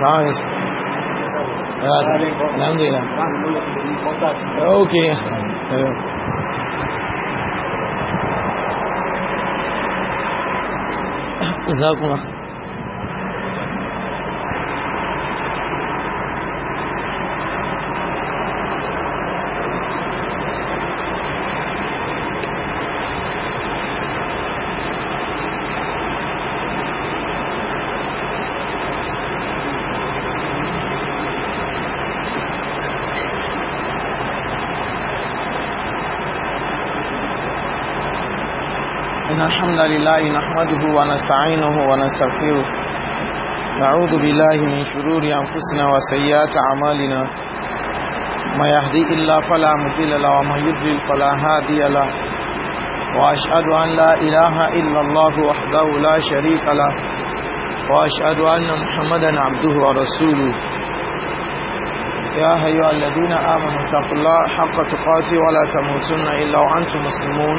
science. Ah, sí. oké Angela. Ok. Jazakallah. الحمد لله نحمده ونستعينه ونستغفره نعوذ بالله من شرور أنفسنا وسيئات أعمالنا ما يهدي إلا فلا مضل له وما يضلل فلا هادي له وأشهد أن لا إله إلا الله وحده لا شريك له وأشهد أن محمدا عبده ورسوله يا أيها الذين آمنوا اتقوا الله حق تقاته ولا تموتن إلا وأنتم مسلمون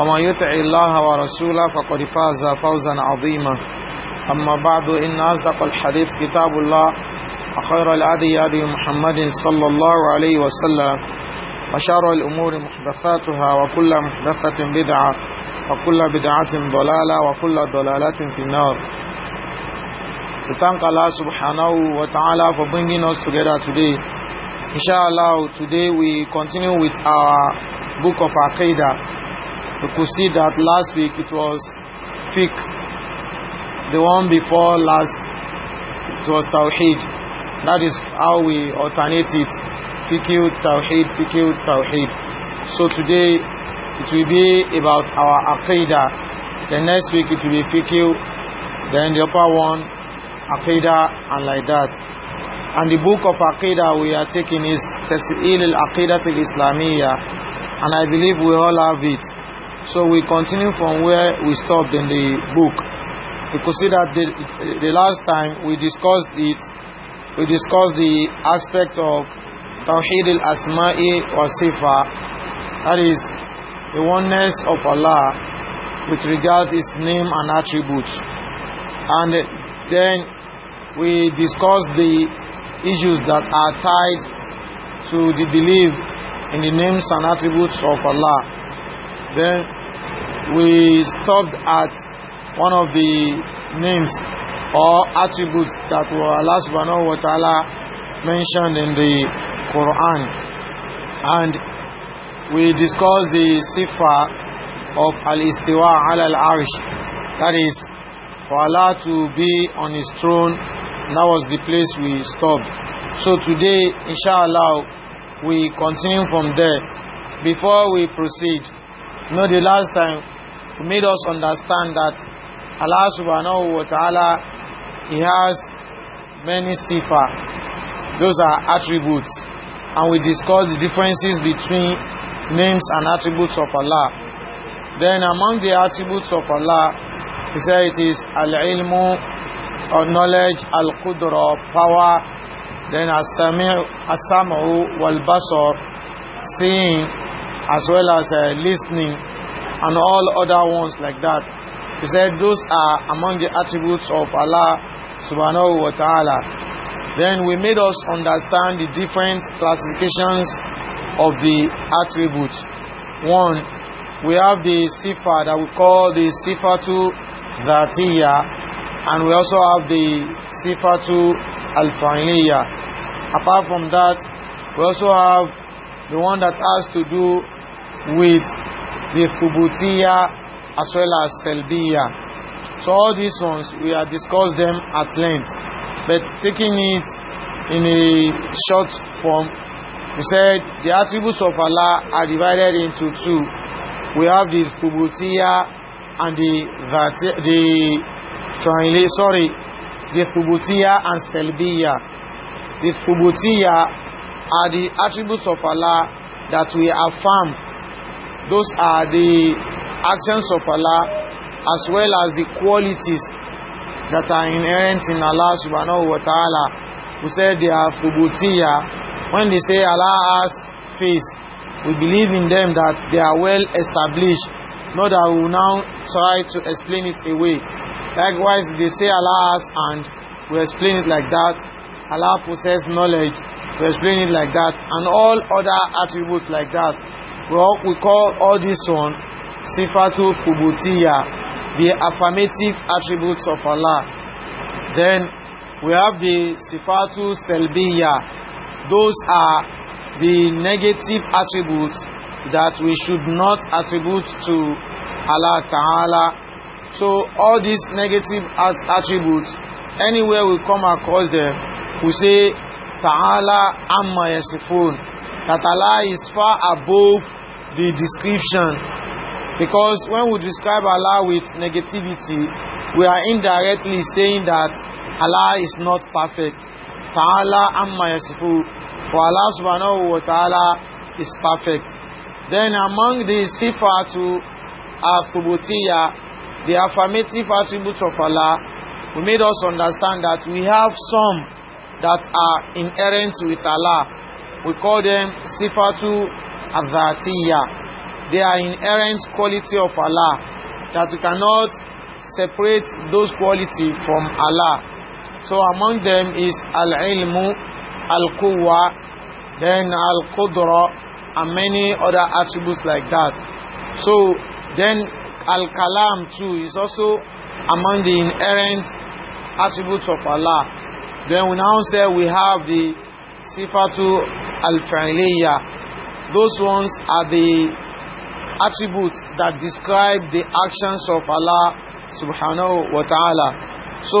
ومن يطع الله ورسوله فقد فاز فوزا عظيما أما بعد إن أصدق الحديث كتاب الله وخير الهدي هدي محمد صلى الله عليه وسلم وشر الأمور محدثاتها وكل محدثة بدعة وكل بدعة ضلالة وكل ضلالة في النار thank Allah subhanahu wa ta'ala for bringing us together today. Inshallah, today we continue with our book of Aqidah. We could see that last week it was fiqh. The one before last, it was tawheed. That is how we alternate it. Fiqh, tawheed, fiqh, tawheed. So today it will be about our aqidah. The next week it will be fiqh. Then the upper one, aqidah and like that. And the book of aqidah we are taking is Tas'il al-Aqidah al And I believe we all have it. So we continue from where we stopped in the book. You could see that the, the last time we discussed it, we discussed the aspect of Tawheed al-Asma'i wa Sifa, that is, the oneness of Allah with regards his name and attributes. And then we discussed the issues that are tied to the belief in the names and attributes of Allah. Then we stopped at one of the names or attributes that were Allah subhanahu wa ta'ala mentioned in the Quran and we discussed the sifa of al-istiwa ala al-arsh that is for Allah to be on his throne that was the place we stopped so today inshallah we continue from there before we proceed you know the last time who made us understand that Allah subhanahu wa ta'ala, He has many sifa. Those are attributes. And we discussed the differences between names and attributes of Allah. Then among the attributes of Allah, He said it is Al-Ilmu, or knowledge, Al-Qudra, power, then As-Sami'u, As-Sam'u, Wal-Basar, seeing, as well as uh, listening, and all other ones like that. He said those are among the attributes of Allah subhanahu wa ta'ala. Then we made us understand the different classifications of the attributes. One, we have the sifa that we call the sifatu dhatiya and we also have the sifatu al-fa'iliya. Apart from that, we also have the one that has to do with the Thubutiya as well as Selbiya. So all these ones, we have discussed them at length. But taking it in a short form, we said the attributes of Allah are divided into two. We have the Thubutiya and the, Dhati, the finally, sorry, the Thubutiya and Selbiya. The Thubutiya are the attributes of Allah that we affirm Those are the actions of Allah as well as the qualities that are inherent in Allah subhanahu wa ta'ala. We said they are thubutiyya. When they say Allah has face, we believe in them that they are well established. Not that we now try to explain it away. Likewise, they say Allah has and we explain it like that. Allah possesses knowledge, we explain it like that. And all other attributes like that well, we call all this one Sifatu Fubutiya, the affirmative attributes of Allah. Then we have the Sifatu Selbiya, those are the negative attributes that we should not attribute to Allah Ta'ala. So all these negative attributes, anywhere we come across them, we say Ta'ala Amma Yasifun that Allah is far above the description. Because when we describe Allah with negativity, we are indirectly saying that Allah is not perfect. Ta'ala amma yasifu. For Allah subhanahu wa ta'ala is perfect. Then among the sifatu athubutiya, the affirmative attributes of Allah, we made us understand that we have some that are inherent with Allah We call them Sifatu Adhatiyya. They are inherent quality of Allah that we cannot separate those quality from Allah. So among them is Al-Ilmu, al kuwa then Al-Qudra, and many other attributes like that. So then Al-Kalam too is also among the inherent attributes of Allah. Then we now say we have the sifatu al-fa'iliyya. Those ones are the attributes that describe the actions of Allah subhanahu wa ta'ala. So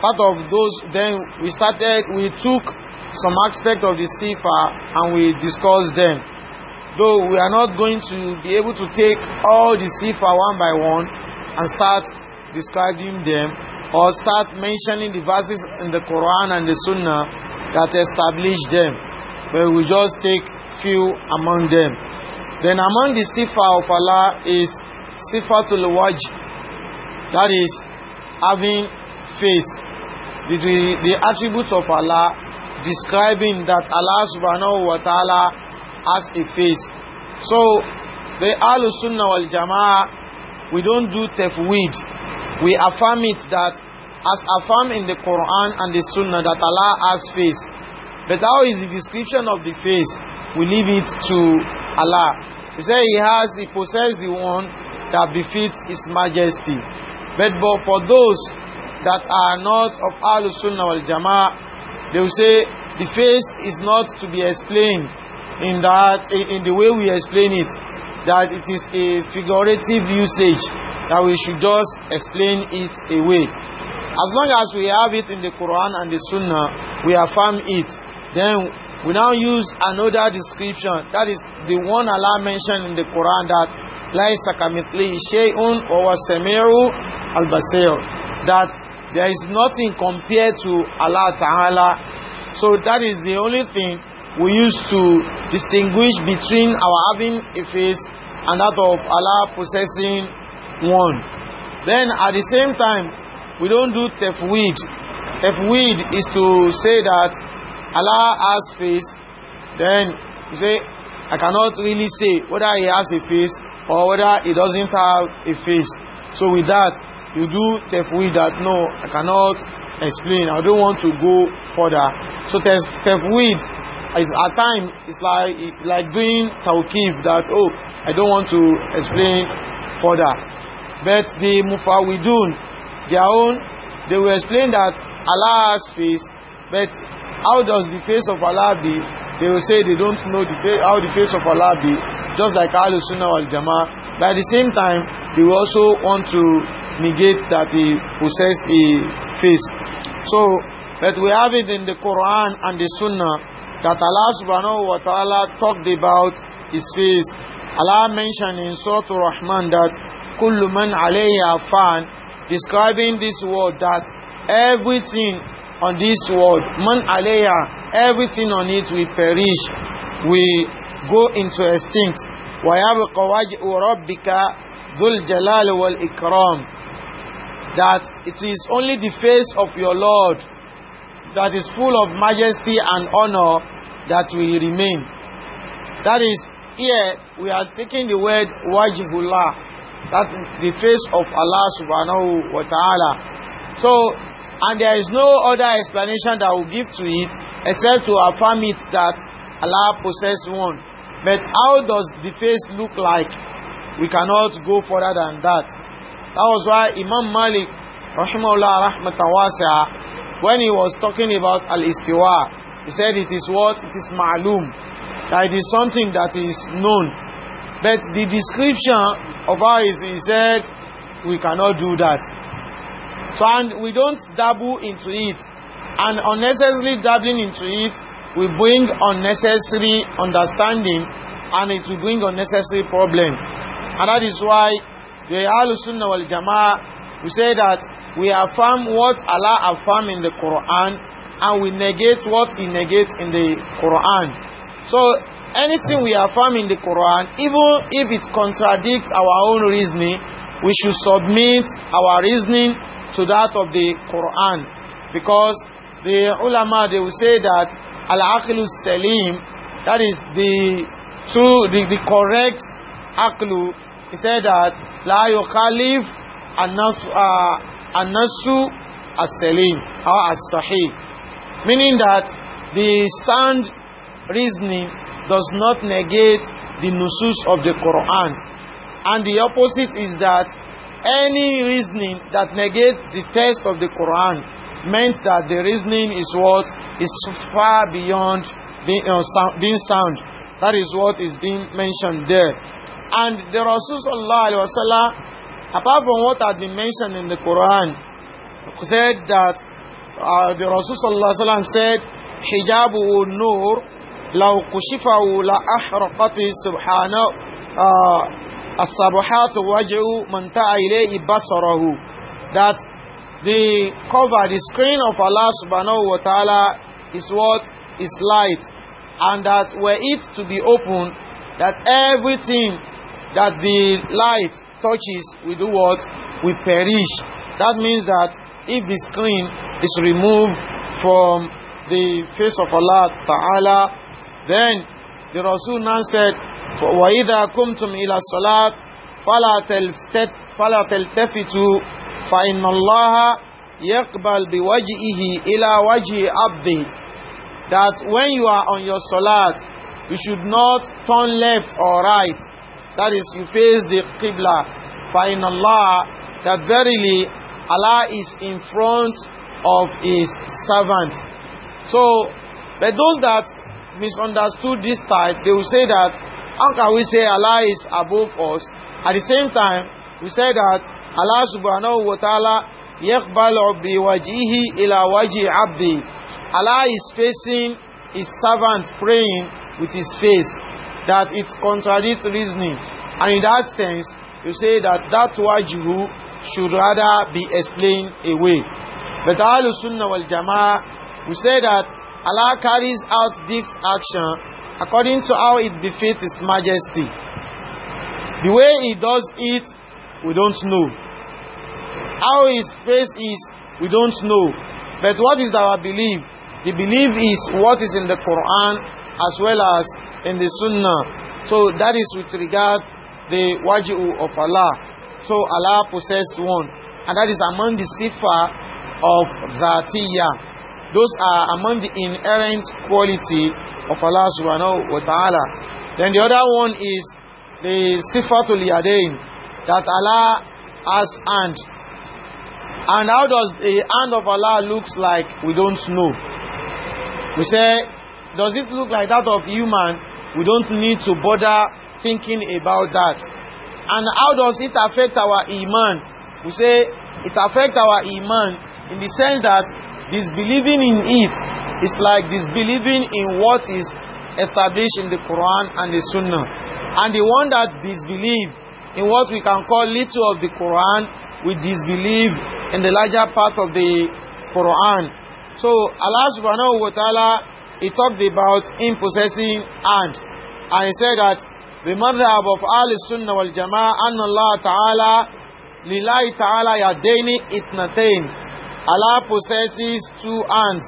part of those, then we started, we took some aspect of the sifa and we discussed them. Though we are not going to be able to take all the sifa one by one and start describing them or start mentioning the verses in the Quran and the Sunnah that establish them. But we just take few among them. Then among the sifa of Allah is sifa sifatul waj. That is having face. The, the, the attributes of Allah describing that Allah subhanahu wa ta'ala has a face. So the Ahlus Sunnah wal Jama'ah we don't do tafweed. We affirm it that as affirmed in the Quran and the Sunnah that Allah has face. But how is the description of the face? We leave it to Allah. He said he has, he possesses the one that befits his majesty. But, but for those that are not of Al Sunnah wal Jama'ah, they will say the face is not to be explained in that in the way we explain it, that it is a figurative usage that we should just explain it away. As long as we have it in the Quran and the Sunnah, we affirm it. Then we now use another description. That is the one Allah mentioned in the Quran that لَيْسَ كَمِثْلِهِ شَيْءٌ وَهُوَ السَّمِيعُ الْبَصِيرُ That there is nothing compared to Allah Ta'ala. So that is the only thing we use to distinguish between our having a face and that of Allah possessing one. Then at the same time, we don't do tafweed. Tafweed is to say that Allah has face, then you say, I cannot really say whether he has a face or whether he doesn't have a face. So with that, you do tafweed that no, I cannot explain. I don't want to go further. So tafweed is at time it's like like doing tawkif that oh, I don't want to explain further. But the mufawidun their own, they will explain that Allah has face, but how does the face of Allah be? They will say they don't know the face, how the face of Allah be, just like Al Sunnah wal Jama'ah. But at the same time, they will also want to negate that he possess a face. So, but we have it in the Quran and the Sunnah that Allah subhanahu wa ta'ala talked about his face. Allah mentioned in Surah rahman that كل من عليها فان describing this world that everything on this world, man alayya, everything on it will perish, will go into extinct. وَيَبْقَ وَجْهُ رَبِّكَ jalal wal ikram, That it is only the face of your Lord that is full of majesty and honor that will remain. That is, here we are taking the word wajibullah That the face of Allah subhanahu wa ta'ala. So, and there is no other explanation that will give to it except to affirm it that Allah possesses one. But how does the face look like? We cannot go further than that. That was why Imam Malik, rahimahullah rahmatan when he was talking about al-istiwa, he said it is what? It is ma'lum. That it is something that is known. But the description of how he said, we cannot do that. So, and we don't dabble into it. And unnecessarily dabbling into it will bring unnecessary understanding and it will bring unnecessary problem. And that is why the Ahlul Sunnah wal Jama'ah, we say that we affirm what Allah affirms in the Quran and we negate what He negates in the Quran. So anything we affirm in the Quran, even if it contradicts our own reasoning, we should submit our reasoning to that of the Quran. Because the ulama, they will say that al-aqlu salim, that is the true, the, the correct aqlu, he said that la yukhalif an-nasu uh, as-salim or as-sahih. Meaning that the sound reasoning does not negate the nusus of the Quran. And the opposite is that any reasoning that negates the text of the Quran meant that the reasoning is what is far beyond being, uh, sound, being sound. That is what is being mentioned there. And the Rasulullah, apart from what had been mentioned in the Quran, said that uh, the Rasulullah said, Hijabu nur لو كشفه لأحرقت سبحانه uh, الصبحات وجه من إليه بصره that the cover, the screen of Allah subhanahu wa ta'ala is what is light and that were it to be open that everything that the light touches with the word will perish. That means that if the screen is removed from the face of Allah ta'ala Then the Rasul now said, وَإِذَا كُمْتُمْ إِلَى الصَّلَاةِ فَلَا تَلْتَفِتُوا فَإِنَّ اللَّهَ يَقْبَلْ بِوَجْئِهِ إِلَى وَجْهِ عَبْدِهِ That when you are on your salat, you should not turn left or right. That is, you face the Qibla. فَإِنَّ اللَّهَ That verily Allah is in front of His servant. So, but those that misunderstood this type, they will say that, how can we say Allah is above us? At the same time, we say that Allah subhanahu wa ta'ala yaqbal bi wajihi ila waji abdi. Allah is facing his servant praying with his face. That it contradicts reasoning. And in that sense, you say that that wajihu should rather be explained away. But Ahlul Sunnah wal Jama'ah, we say that Allah carries out this action according to how it befits His Majesty. The way He does it, we don't know. How His face is, we don't know. But what is our belief? The belief is what is in the Quran as well as in the Sunnah. So that is with regard the waji'u of Allah. So Allah possesses one. And that is among the sifa of Zatiyah. Those are among the inherent quality of Allah subhanahu wa ta'ala. Then the other one is the sifatul yadain, that Allah has hand. And how does the hand of Allah looks like? We don't know. We say, does it look like that of human? We don't need to bother thinking about that. And how does it affect our iman? We say it affects our iman in the sense that disbelieving in it is like disbelieving in what is established in the Quran and the Sunnah. And the one that disbelieves in what we can call little of the Quran, we disbelieve in the larger part of the Quran. So Allah subhanahu wa ta'ala, he talked about in possessing and, and he said that the madhab of al-sunnah wal-jama'ah, an Allah ta'ala, lillahi ta'ala yadaini itnatain. Allah possesses two hands.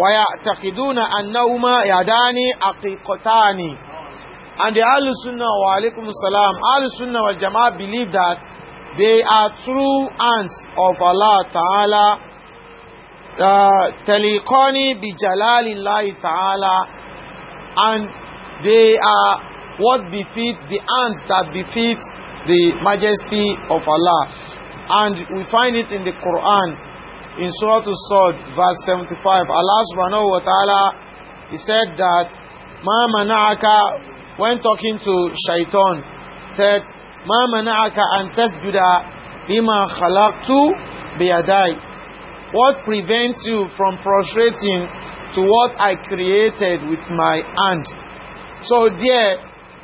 وَيَعْتَقِدُونَ أَنَّهُمَا يَدَانِ أَقِيقَتَانِ And the Ahlul Sunnah wa as salam, Ahlul Sunnah wal Jama'ah believe that they are true hands of Allah Ta'ala. تَلِقَانِ بِجَلَالِ اللَّهِ Taala, And they are what befits the hands that befits the majesty of Allah. And we find it in the Quran in Surah Al-Sad, verse 75, Allah subhanahu wa ta'ala, He said that, Ma mana'aka, when talking to shaitan, said, Ma mana'aka an tasjuda lima khalaqtu biyadai. What prevents you from prostrating to what I created with my hand? So there,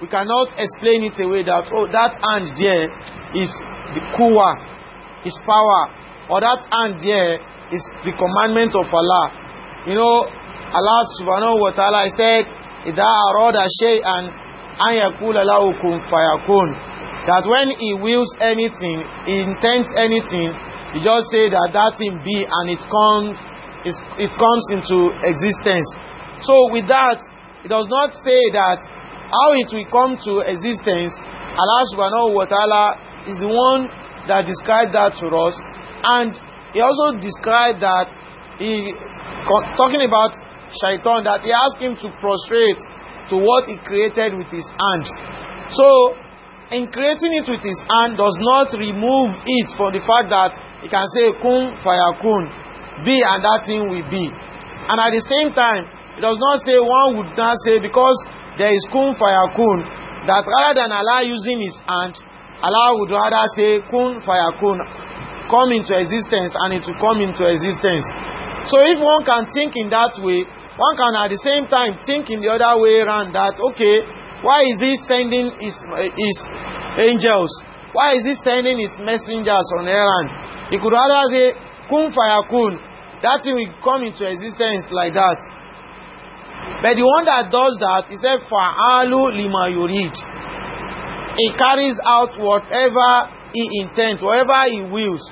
we cannot explain it away that, oh, that hand there is the kuwa, is power, or that hand there is the commandment of Allah. You know, Allah subhanahu wa ta'ala said, إِذَا أَرَادَ شَيْئًا and ayakul لَهُ كُنْ فَيَكُونَ That when He wills anything, He intends anything, He just say that that thing be and it comes, it comes into existence. So with that, it does not say that how it will come to existence, Allah subhanahu wa ta'ala is the one that described that to us And he also described that he, talking about shaitan, that he asked him to prostrate to what he created with his hand. So, in creating it with his hand does not remove it from the fact that he can say kun fayakun, be and that thing will be. And at the same time, it does not say one would not say because there is kun fayakun that rather than Allah using his hand, Allah would rather say kun fayakun come into existence and it will come into existence. So if one can think in that way, one can at the same time think in the other way around that, okay, why is he sending his, his angels? Why is he sending his messengers on errand? He could rather say, kun fayakun. That thing will come into existence like that. But the one that does that, he said, fa'alu lima yurid. It carries out whatever he intends, whatever he wills.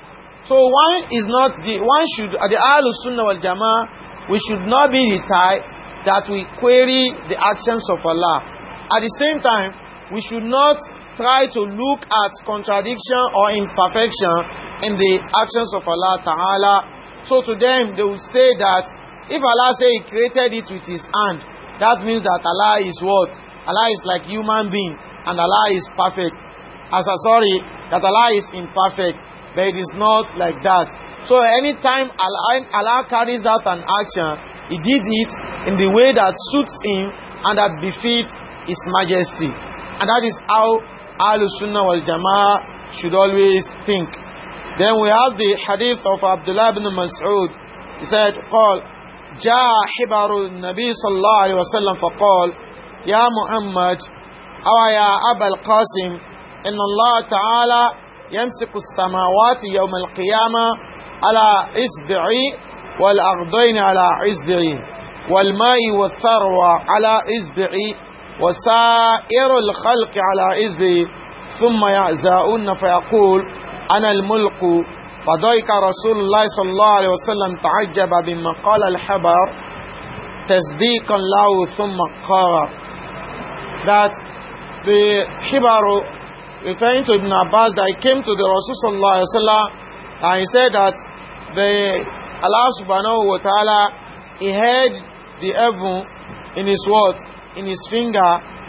So one is not the one should at the Ahlus Sunnah wal Jama'ah we should not be the type that we query the actions of Allah. At the same time, we should not try to look at contradiction or imperfection in the actions of Allah Ta'ala. So to them they will say that if Allah say he created it with his hand, that means that Allah is what? Allah is like human being and Allah is perfect. as a sorry that Allah is imperfect, but it is not like that. So anytime Allah, Allah carries out an action, He did it in the way that suits Him and that befits His majesty. And that is how al Sunnah wal Jama'ah should always think. Then we have the hadith of Abdullah ibn Mas'ud. He said, "Call." جاء حبر النبي صلى الله عليه وسلم فقال يا محمد أو يا أبا القاسم إن الله تعالى يمسك السماوات يوم القيامة على إصبعي والأرضين على إصبعي والماء والثروة على إصبعي وسائر الخلق على إصبعي ثم يعزاؤن فيقول أنا الملك فضيك رسول الله صلى الله عليه وسلم تعجب بما قال الحبر تصديقا له ثم قال that the Hibaru referring to Ibn Abbas that he came to the Rasulullah and he said that the Allah subhanahu wa ta'ala he held the heaven in his word, In his finger.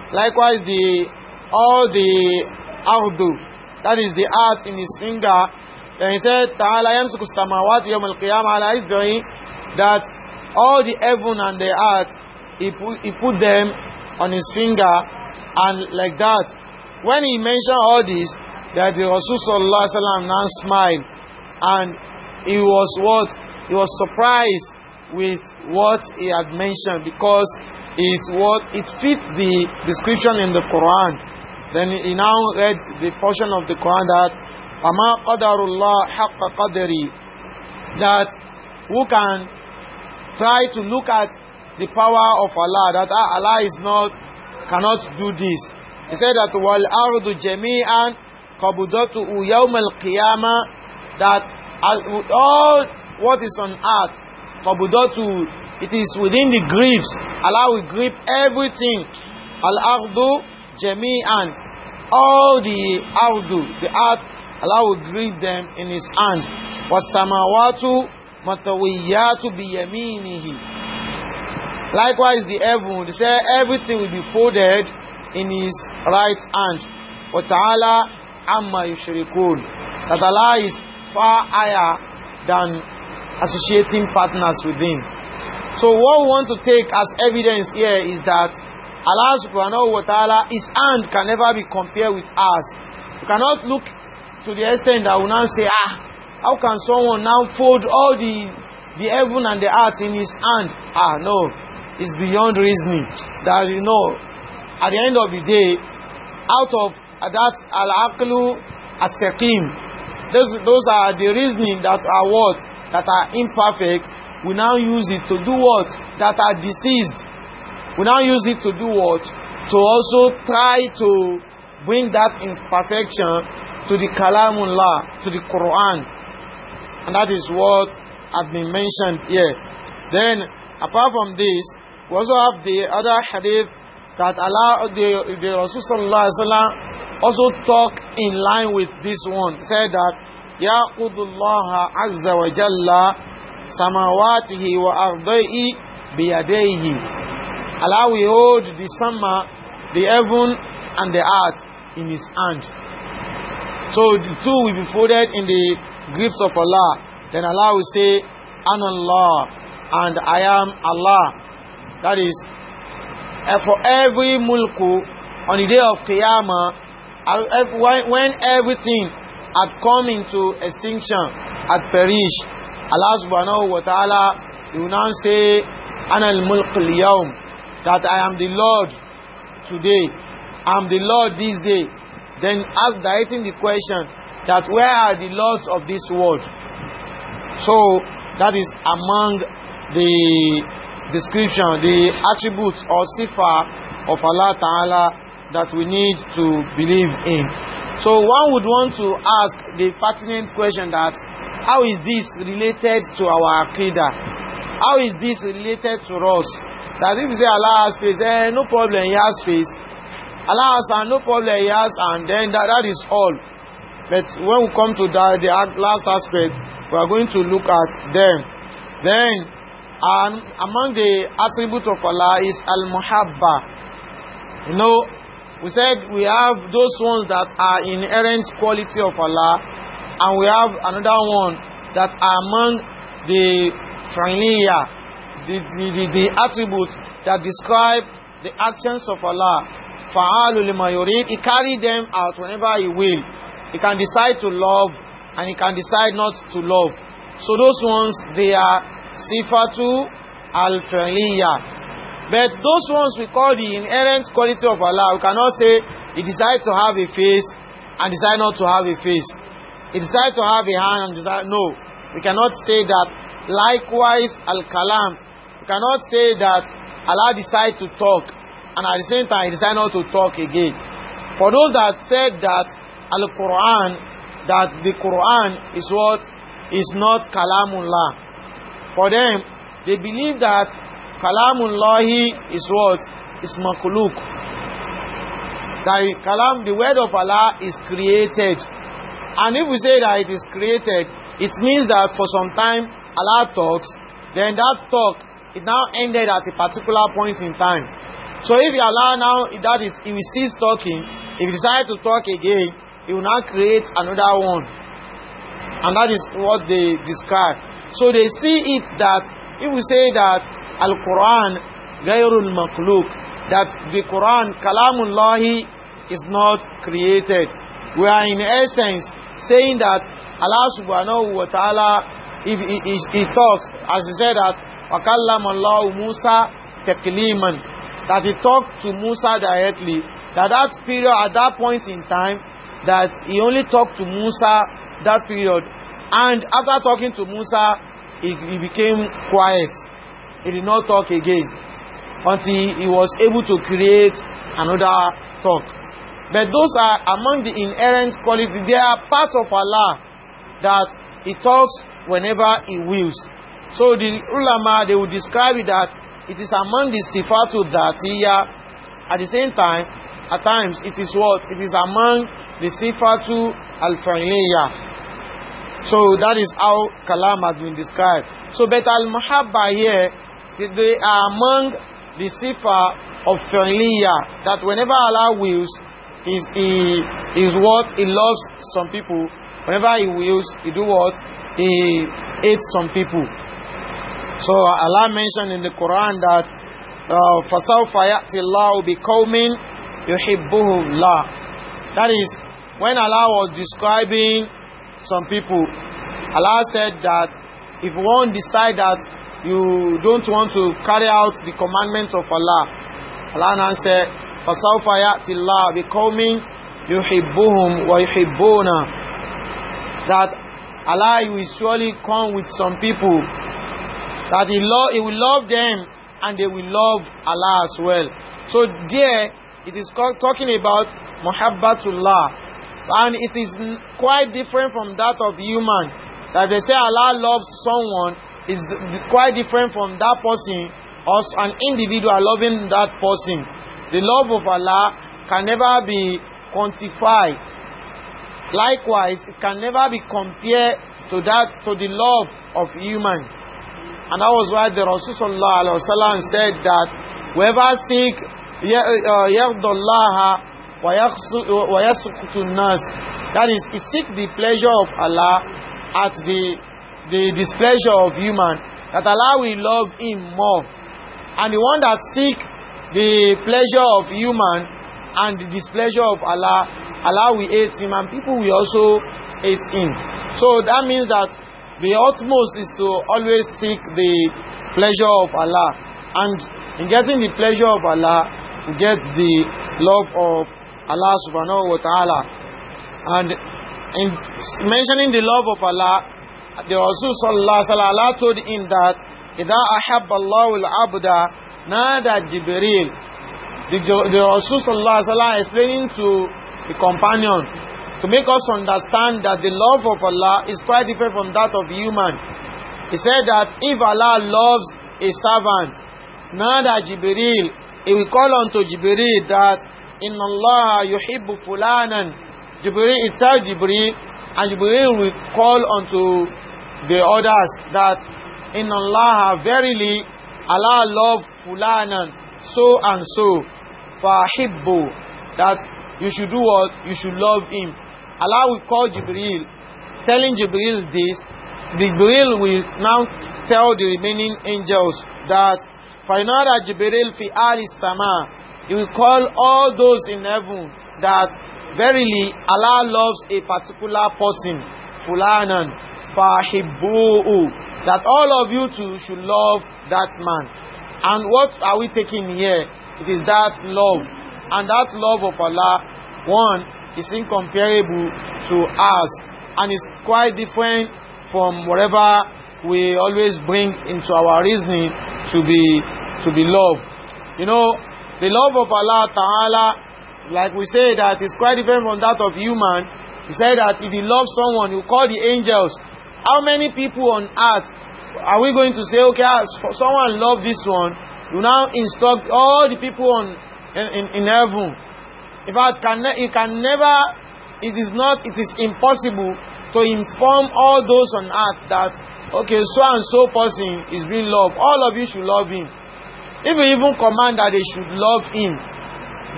Likewise the all the ardu that is the earth in his finger. Then he said Ta'ala yamsuku samawati yawm al-qiyamah ala isbihi that all the heaven and the earth he put, he put them on his finger and like that when he mentioned all this, that the Rasulullah now smiled and he was what he was surprised with what he had mentioned because it what it fits the description in the Quran. Then he now read the portion of the Quran that Ama Qadarullah Haqqa Qadri that who can try to look at the power of Allah that ah, Allah is not cannot do this He said that wal ardu jami'an qabudatuhu yawm al-qiyamah that all what is on earth qabudatuhu it is within the grips Allah will grip everything al ardu jami'an all the ardu the earth Allah will grip them in his hand was samawatu matawiyatu biyaminihi likewise the heaven they say everything will be folded in his right hand. Wata'ala amma yushrikun. That Allah is far higher than associating partners with him. So what we want to take as evidence here is that Allah subhanahu wa ta'ala, his hand can never be compared with us. We cannot look to the extent that we now say, ah, how can someone now fold all the, the heaven and the earth in his hand? Ah, no, it's beyond reasoning. That, you know, at the end of the day out of that al-aqlu as-saqim those, those are the reasoning that are what that are imperfect we now use it to do what that are deceased we now use it to do what to also try to bring that imperfection to the kalamullah to the quran and that is what has been mentioned here then apart from this we also have the other hadith that Allah, the, the Rasulullah also talk in line with this one, said that Ya wa اللَّهَ samawati وَجَلَّ wa وَأَرْضَيْهِ بِيَدَيْهِ Allah will hold the summer, the heaven and the earth in his hand. So the two will be folded in the grips of Allah. Then Allah will say, An Allah, and I am Allah. That is, uh, for every mulku on the day of Qiyamah, uh, when everything had come into extinction, had perished, Allah subhanahu wa ta'ala will now say, Ana al-mulk al that I am the Lord today, I'm the Lord this day. Then ask directing the question that where are the lords of this world? So that is among the description, the attributes or sifa of Allah Ta'ala that we need to believe in. So one would want to ask the pertinent question that how is this related to our Aqidah? How is this related to us? That if you say Allah has face, eh, no problem, he has face. Allah has and no problem, he has and then that, that is all. But when we come to that, the last aspect, we are going to look at them. Then And among the attributes of Allah is Al-Muhabba. You know, we said we have those ones that are inherent quality of Allah, and we have another one that are among the Fa'iliya, the, the, the, the attributes that describe the actions of Allah. Fa'alu lima yurid, he carry them out whenever he will. He can decide to love, and he can decide not to love. So those ones, they are sifatu al-fi'liya. But those ones we call the inherent quality of Allah, we cannot say He decides to have a face and decide not to have a face. He decides to have a hand and decide no. We cannot say that. Likewise, al-kalam. We cannot say that Allah decides to talk and at the same time He decides not to talk again. For those that said that al-Quran, that the Quran is what is not kalamullah For them, they believe that Kalamullahi is what? Is makuluk. That Kalam, the word of Allah is created. And if we say that it is created, it means that for some time Allah talks, then that talk, it now ended at a particular point in time. So if Allah now, that is, if he cease talking, if he decides to talk again, he will now create another one. And that is what they describe. So they see it that if we say that Al-Quran Gairul makluk, that the Quran Kalamullahi is not created. We are in essence saying that Allah subhanahu wa ta'ala if he, he, he talks, as he said that وَكَلَّمَ اللَّهُ مُوسَى تَكْلِيمًا that he talked to Musa directly that that period at that point in time that he only talked to Musa that period And after talking to Musa, he, he became quiet. He did not talk again until he was able to create another talk. But those are among the inherent qualities. They are part of Allah that he talks whenever he wills. So the ulama, they will describe it that it is among the sifatu dhatiyya. At the same time, at times, it is what? It is among the sifatu al-fa'liyya. So that is how kalam has been described. So bet al-muhabba here, they are among the sifa of fi'liya, that whenever Allah wills, is he is what he loves some people. Whenever he wills, he do what he hates some people. So Allah mentioned in the Quran that uh, فَسَوْفَ يَأْتِ اللَّهُ be coming اللَّهُ That is, when Allah was describing some people. Allah said that if one decide that you don't want to carry out the commandment of Allah, Allah said, فَسَوْفَ يَأْتِ اللَّهِ بِقَوْمٍ يُحِبُّهُمْ وَيُحِبُّونَ That Allah will surely come with some people that he, lo he will love them and they will love Allah as well. So there, it is talking about muhabbatullah, and it is quite different from that of human. That they say Allah loves someone is quite different from that person us an individual loving that person. The love of Allah can never be quantified. Likewise, it can never be compared to that to the love of human. And that was why the Rasulullah said that whoever seek يرضى وَيَسْقُطُ النَّاسِ That is, he seek the pleasure of Allah at the, the displeasure of human. That Allah will love him more. And the one that seek the pleasure of human and the displeasure of Allah, Allah will hate him and people will also hate him. So that means that the utmost is to always seek the pleasure of Allah. And in getting the pleasure of Allah, to get the love of Allah subhanahu wa ta'ala. And in mentioning the love of Allah, the Rasul sallallahu alayhi wa sallam told him that, إِذَا أَحَبَّ اللَّهُ الْعَبْدَ نَادَى جِبْرِيل The, the Rasul sallallahu alayhi wa sallam explaining to the companion to make us understand that the love of Allah is quite different from that of human. He said that if Allah loves a servant, نَادَى جِبْرِيل He will call unto Jibril that inna Allah yuhibbu fulanan. Jibril, it tells and Jibril will call unto the others that inna Allah verily Allah love fulanan so and so fahibbu that you should do what you should love him. Allah will call Jibril, telling Jibril this. Jibril will now tell the remaining angels that فَيُنَادَى جِبْرِيلُ فِي آلِ السَّمَاءِ He will call all those in heaven that verily Allah loves a particular person, Fulanan, Fahibbu'u, that all of you too should love that man. And what are we taking here? It is that love. And that love of Allah, one, is incomparable to us and is quite different from whatever we always bring into our reasoning to be to be love. You know, The love of Allah Ta'ala, like we say that is quite different from that of human. He said that if you love someone, you call the angels. How many people on earth are we going to say, okay, ah, someone love this one? You now instruct all the people on in, in, in heaven. In fact, can you can never, it is not, it is impossible to inform all those on earth that, okay, so and so person is being loved. All of you should love him. If you even command that they should love Him,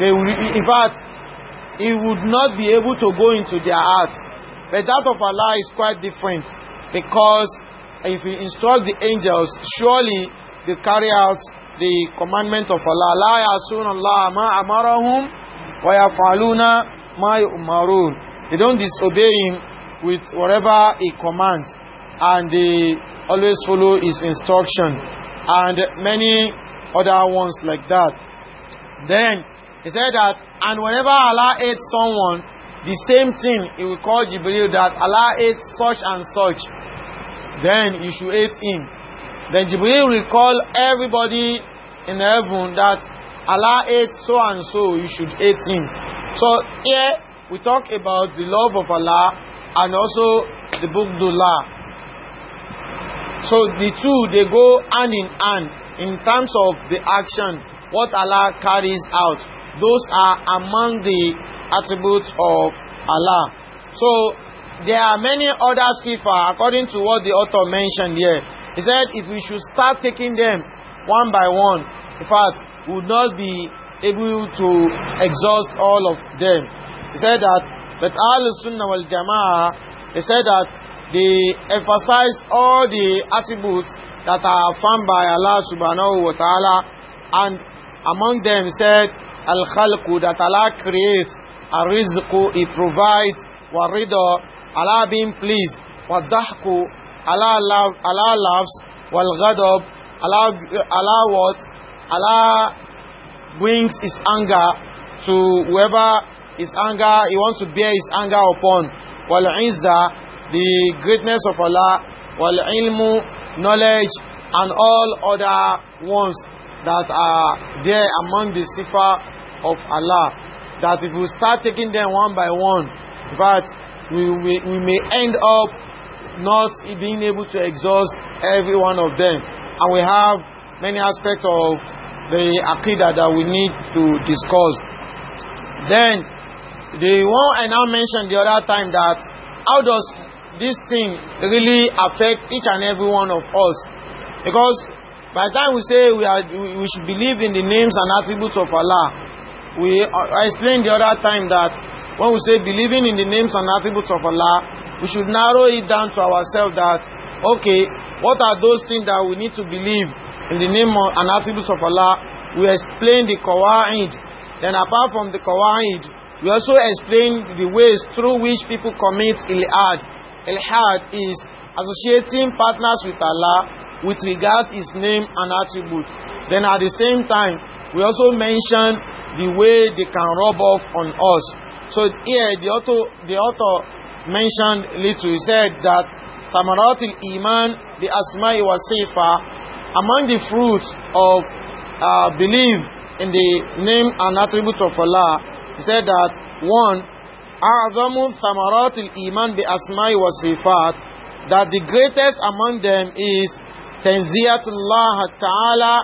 they will, in fact, it would not be able to go into their hearts. But that of Allah is quite different because if He instruct the angels, surely they carry out the commandment of Allah. لا يعصون الله ما أمرهم ويفعلون ما يؤمرون. They don't disobey him with whatever he commands and they always follow his instruction. And many other ones like that. Then he said that, and whenever Allah hates someone, the same thing he will call Jibril that Allah hates such and such. Then you should hate him. Then Jibril will call everybody in heaven that Allah hates so and so, you should hate him. So here we talk about the love of Allah and also the book Dullah. So the two they go hand in hand in terms of the action, what Allah carries out, those are among the attributes of Allah. So, there are many other sifa according to what the author mentioned here. He said if we should start taking them one by one, in fact, we would not be able to exhaust all of them. He said that, but Al-Sunnah wal-Jama'ah, he said that they emphasize all the attributes that are affirmed by Allah subhanahu wa ta'ala and among them said Al-Khalqu that Allah creates Al-Rizqu He provides Wa-Rida Allah being pleased Wa-Dahku Allah, love, Allah loves Wal-Ghadab Allah, Allah what? Allah brings His anger to whoever His anger He wants to bear His anger upon wal Inza the greatness of Allah Wal-Ilmu knowledge, and all other ones that are there among the sifa of Allah. That if we start taking them one by one, that we, we, we may end up not being able to exhaust every one of them. And we have many aspects of the Aqidah that we need to discuss. Then, the one I now mentioned the other time that how does this thing really affects each and every one of us. Because by the time we say we, are, we should believe in the names and attributes of Allah, we, I explained the other time that when we say believing in the names and attributes of Allah, we should narrow it down to ourselves that, okay, what are those things that we need to believe in the name and attributes of Allah? We explain the Qawa'id. Then apart from the Qawa'id, we also explain the ways through which people commit il'ad Ilhad is associating partners with Allah with regard His name and attributes. Then at the same time, we also mention the way they can rub off on us. So here the author, the author mentioned little. He said that Samarat iman the Asma'i was safer among the fruits of uh, belief in the name and attributes of Allah. He said that one, أعظم ثمرات الإيمان بأسماء وصفات that the greatest among them is تنزية الله تعالى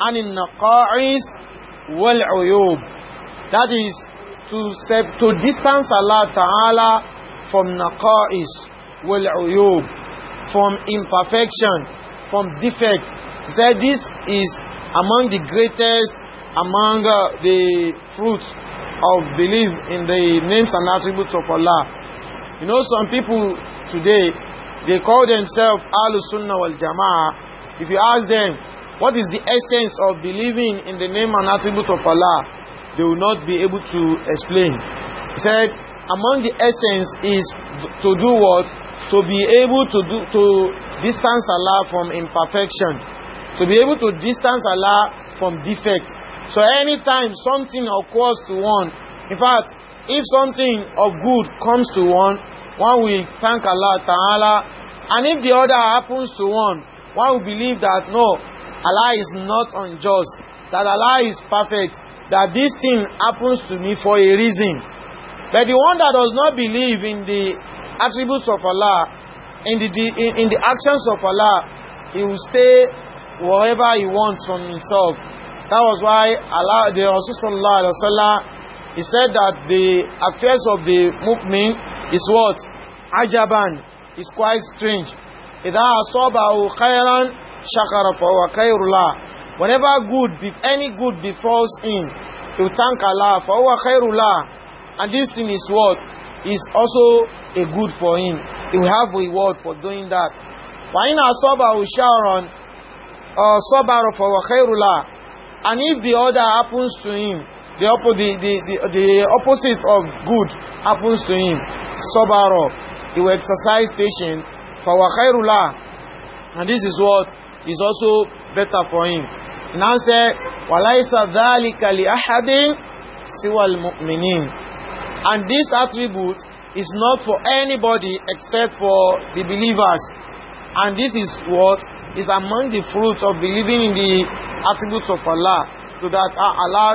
عن النقائص والعيوب that is to, to distance Allah Ta'ala from naqa'is wal from imperfection from defects said this is among the greatest among uh, the fruits of belief in the names and attributes of Allah. You know, some people today, they call themselves al Sunnah wal Jama'ah. If you ask them, what is the essence of believing in the name and attributes of Allah? They will not be able to explain. He said, among the essence is to do what? To be able to, do, to distance Allah from imperfection. To be able to distance Allah from defect So anytime something occurs to one, in fact, if something of good comes to one, one will thank Allah Ta'ala. And if the other happens to one, one will believe that no, Allah is not unjust, that Allah is perfect, that this thing happens to me for a reason. But the one that does not believe in the attributes of Allah, in the, in, in the actions of Allah, he will stay wherever he wants from himself. That was why Allah, the Rasulullah he said that the affairs of the mu'min is what? Ajaban. is quite strange. إِذَا أَصَوْبَهُ خَيْرًا شَكَرَ فَهُوَ خَيْرُ لَهُ Whenever good, if any good befalls him, he will thank Allah. فَهُوَ خَيْرُ And this thing is what? Is also a good for him. He will have reward for doing that. وَإِنْ أَصَوْبَهُ شَرًا صَبَرَ خَيْرُ لَهُ And if the other happens to him, the, oppo the, the, the, opposite of good happens to him, sabaro, he will exercise patience, fawa khairullah. And this is what is also better for him. Now say, وَلَيْسَ ذَلِكَ لِأَحَدٍ سِوَى الْمُؤْمِنِينَ And this attribute is not for anybody except for the believers. And this is what is among the fruits of believing in the attributes of Allah so that ah, Allah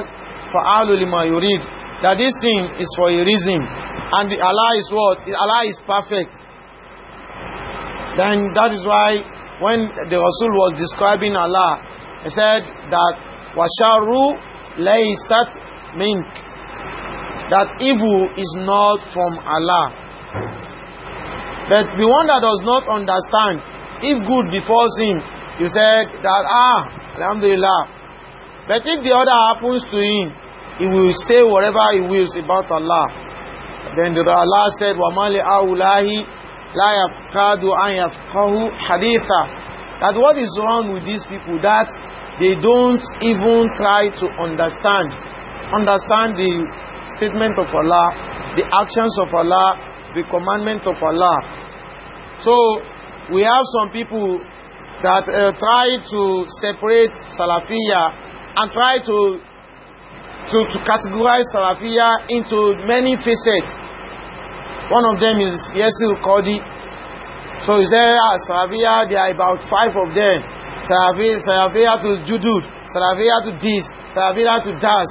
fa'alu lima yurid that this thing is for a reason and Allah is what? Allah is perfect then that is why when the Rasul was describing Allah he said that washaru laysat mink that evil is not from Allah but the one that does not understand if good befalls him, you said that, ah, Alhamdulillah. But if the other happens to him, he will say whatever he wills about Allah. Then the Allah said, وَمَا لِأَوْلَاهِ لَا يَفْقَادُ أَنْ يَفْقَهُ حَدِيثًا That what is wrong with these people, that they don't even try to understand. Understand the statement of Allah, the actions of Allah, the commandment of Allah. So, we have some people that uh, try to separate Salafiyah and try to, to, to categorize Salafiyah into many facets. One of them is Yasir Qadi. So he said, ah, uh, Salafiyah, there are about five of them. Salafiyah, Salafiyah to Judud, Salafiyah to this, Salafiyah to that.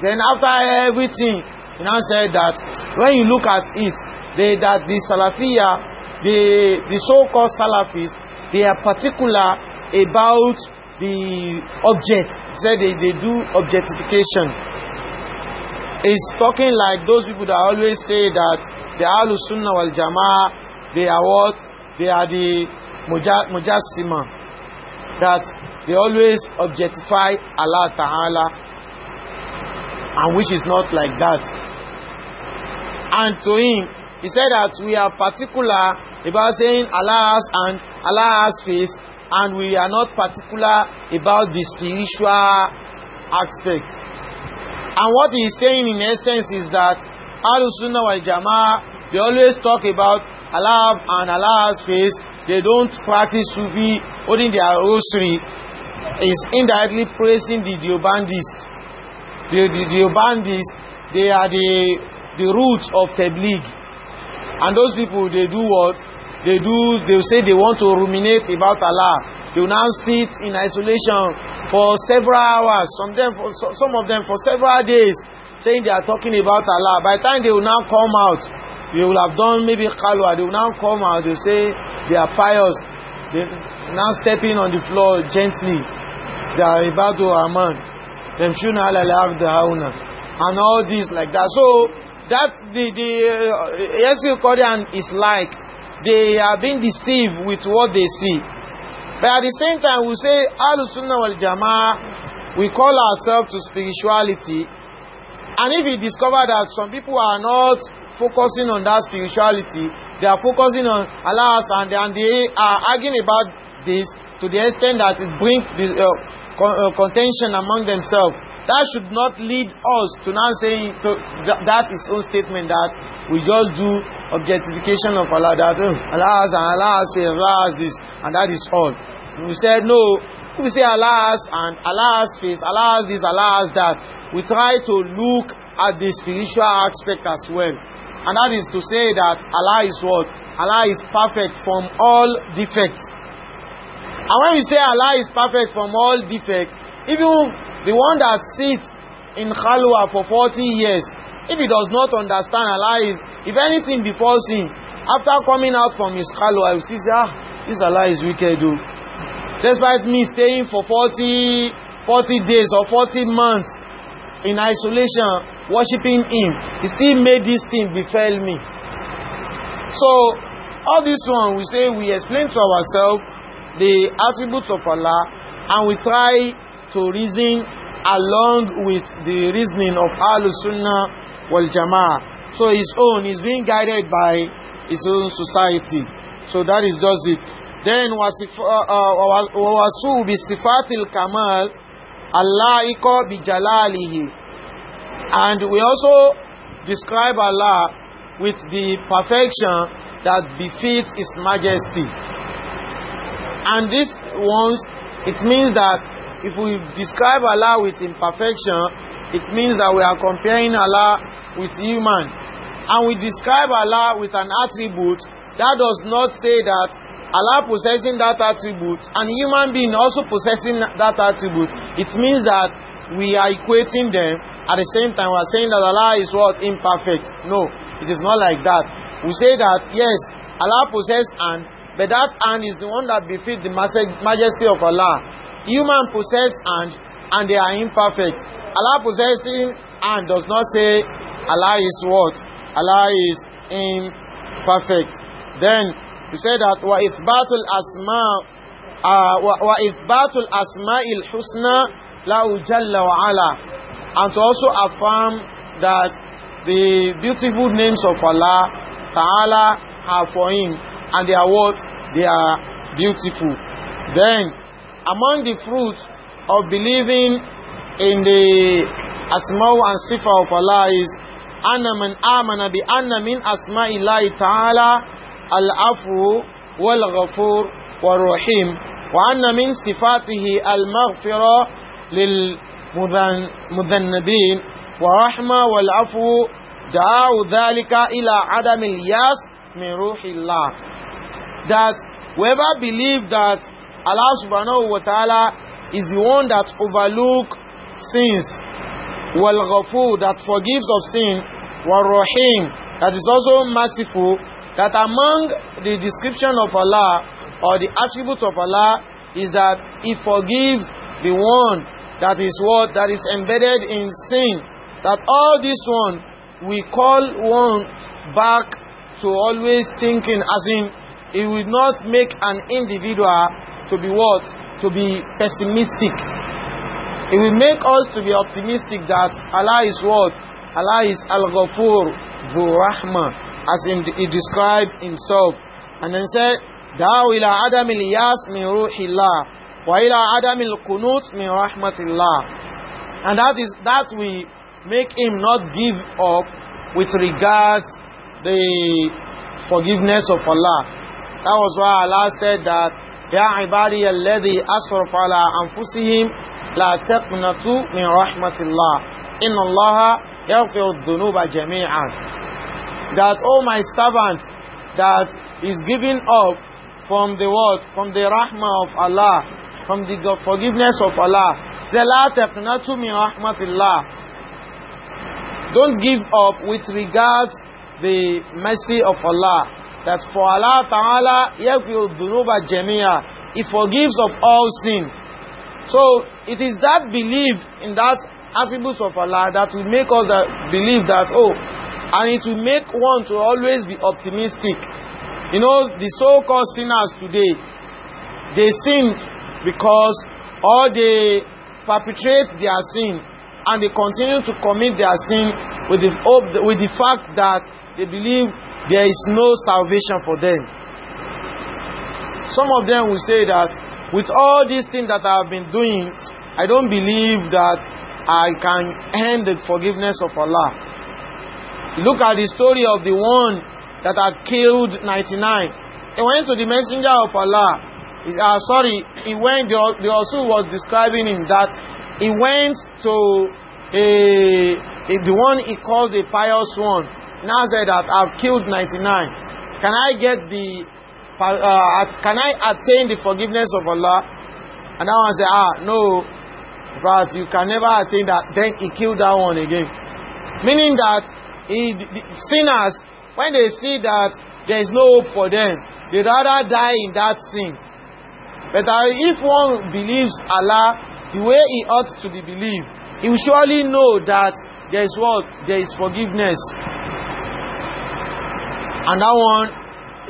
Then after everything, he now said that when you look at it, they, that the Salafiyah the, the so-called Salafis, they are particular about the object. Say so they, they do objectification. It's talking like those people that always say that the Ahlus Sunnah wal Jama'ah, they are what? They are the Mujassima. That they always objectify Allah Ta'ala and which is not like that. And to him, he said that we are particular about saying Allah's and Allah's face and we are not particular about the spiritual aspects. And what he is saying in essence is that Al-Sunnah wal Jama'ah, they always talk about Allah and Allah's face. They don't practice Sufi holding their rosary. Is indirectly praising the Diobandists. The, the Diobandists, they are the, the roots of Tabligh. And those people, they do what? They do, they say they want to ruminate about Allah. They will now sit in isolation for several hours, some, them for, some of them for several days, saying they are talking about Allah. By the time they will now come out, they will have done maybe khalwa, they will now come out, they say they are pious. They now stepping on the floor gently. They are about to aman. Them shuna ala al-ardi hauna. And all this like that. So, that the, the uh, Yesu Korean is like they are being deceived with what they see. But at the same time, we say Al Sunnah wal Jamaa, we call ourselves to spirituality. And if you discover that some people are not focusing on that spirituality, they are focusing on Allah, and, and they are arguing about this to the extent that it brings uh, con uh, contention among themselves. That should not lead us to now saying to, th that his own statement that we just do objectification of Allah, that oh, Allah has and Allah has and Allah has this, and that is all. And we said, no, we say Allah has and Allah has face, Allah has this, Allah has that, we try to look at the spiritual aspect as well. And that is to say that Allah is what? Allah is perfect from all defects. And when we say Allah is perfect from all defects, Even the one that sits in Khalwa for 40 years, if he does not understand Allah is, if anything befalls him, after coming out from his Khalwa, he still say, ah, this Allah is wicked, dude. Oh. Despite me staying for 40, 40 days or 40 months in isolation, worshiping him, he still made this thing befell me. So, all this one, we say, we explain to ourselves the attributes of Allah, and we try to reason along with the reasoning of al Sunnah wal Jama'ah. So his own is being guided by his own society. So that is just it. Then uh, uh, wasu bi sifatil kamal Allaiko bi jalalihi. And we also describe Allah with the perfection that befits His majesty. And this once, it means that if we describe Allah with imperfection, it means that we are comparing Allah with human. And we describe Allah with an attribute, that does not say that Allah possessing that attribute and human being also possessing that attribute. It means that we are equating them at the same time we are saying that Allah is what? Imperfect. No, it is not like that. We say that, yes, Allah possesses an, but that an is the one that befits the majesty of Allah. Human possess and and they are imperfect. Allah possessing and does not say Allah is what? Allah is imperfect. Then he said that wa battle asma uh, wa asma il husna lahu jalla wa ala and to also affirm that the beautiful names of Allah ta'ala are for him and their words they are beautiful. Then among the fruits of believing in the asma and sifa of Allah is anna man amana bi anna min asma'illahi ta'ala al-afu wal-ghafur wal-rahim wa anna min sifatihi al-maghfira للمذنبين ورحمة والعفو دعاو ذلك ila عدم الياس yas روح الله that whoever believes that Allah subhanahu wa ta'ala is the one that overlook sins. Wal Ghafur that forgives of sin. Wal Rahim that is also merciful. That among the description of Allah or the attributes of Allah is that He forgives the one that is what that is embedded in sin. That all this one we call one back to always thinking as in it will not make an individual to be what? To be pessimistic. It will make us to be optimistic that Allah is what? Allah is Al-Ghafur Dhu Rahma as in, He described Himself. And then said, دعوا إلى عدم الياس min ruhillah, الله وإلى عدم القنوت من رحمة and that is that we make him not give up with regards the forgiveness of Allah. That was why Allah said that يا عبادي الذي أسرف على أنفسهم لا تقنطوا من رحمة الله إن الله يغفر الذنوب جميعا that all my servant that is giving up from the world, from the rahmah of Allah, from the forgiveness of Allah. Don't give up with regards the mercy of Allah that for Allah Ta'ala yaghfiru dhunuba jami'a he forgives of all sin so it is that belief in that attributes of Allah that will make us that believe that oh and it will make one to always be optimistic you know the so-called sinners today they sin because or they perpetrate their sin and they continue to commit their sin with the hope with the fact that they believe there is no salvation for them. Some of them will say that with all these things that I have been doing, I don't believe that I can earn the forgiveness of Allah. Look at the story of the one that had killed 99. He went to the messenger of Allah. He, ah, sorry, he went, the, the Rasul was describing him that he went to a, a, the one he called the pious one now said that I've killed ninety nine. can I get the, uh, can I attain the forgiveness of Allah? And that one said, ah, no, but you can never attain that. Then he killed that one again. Meaning that he, sinners, when they see that there is no hope for them, they rather die in that sin. But if one believes Allah the way he ought to be believed, he will surely know that there is what? There is forgiveness. And that one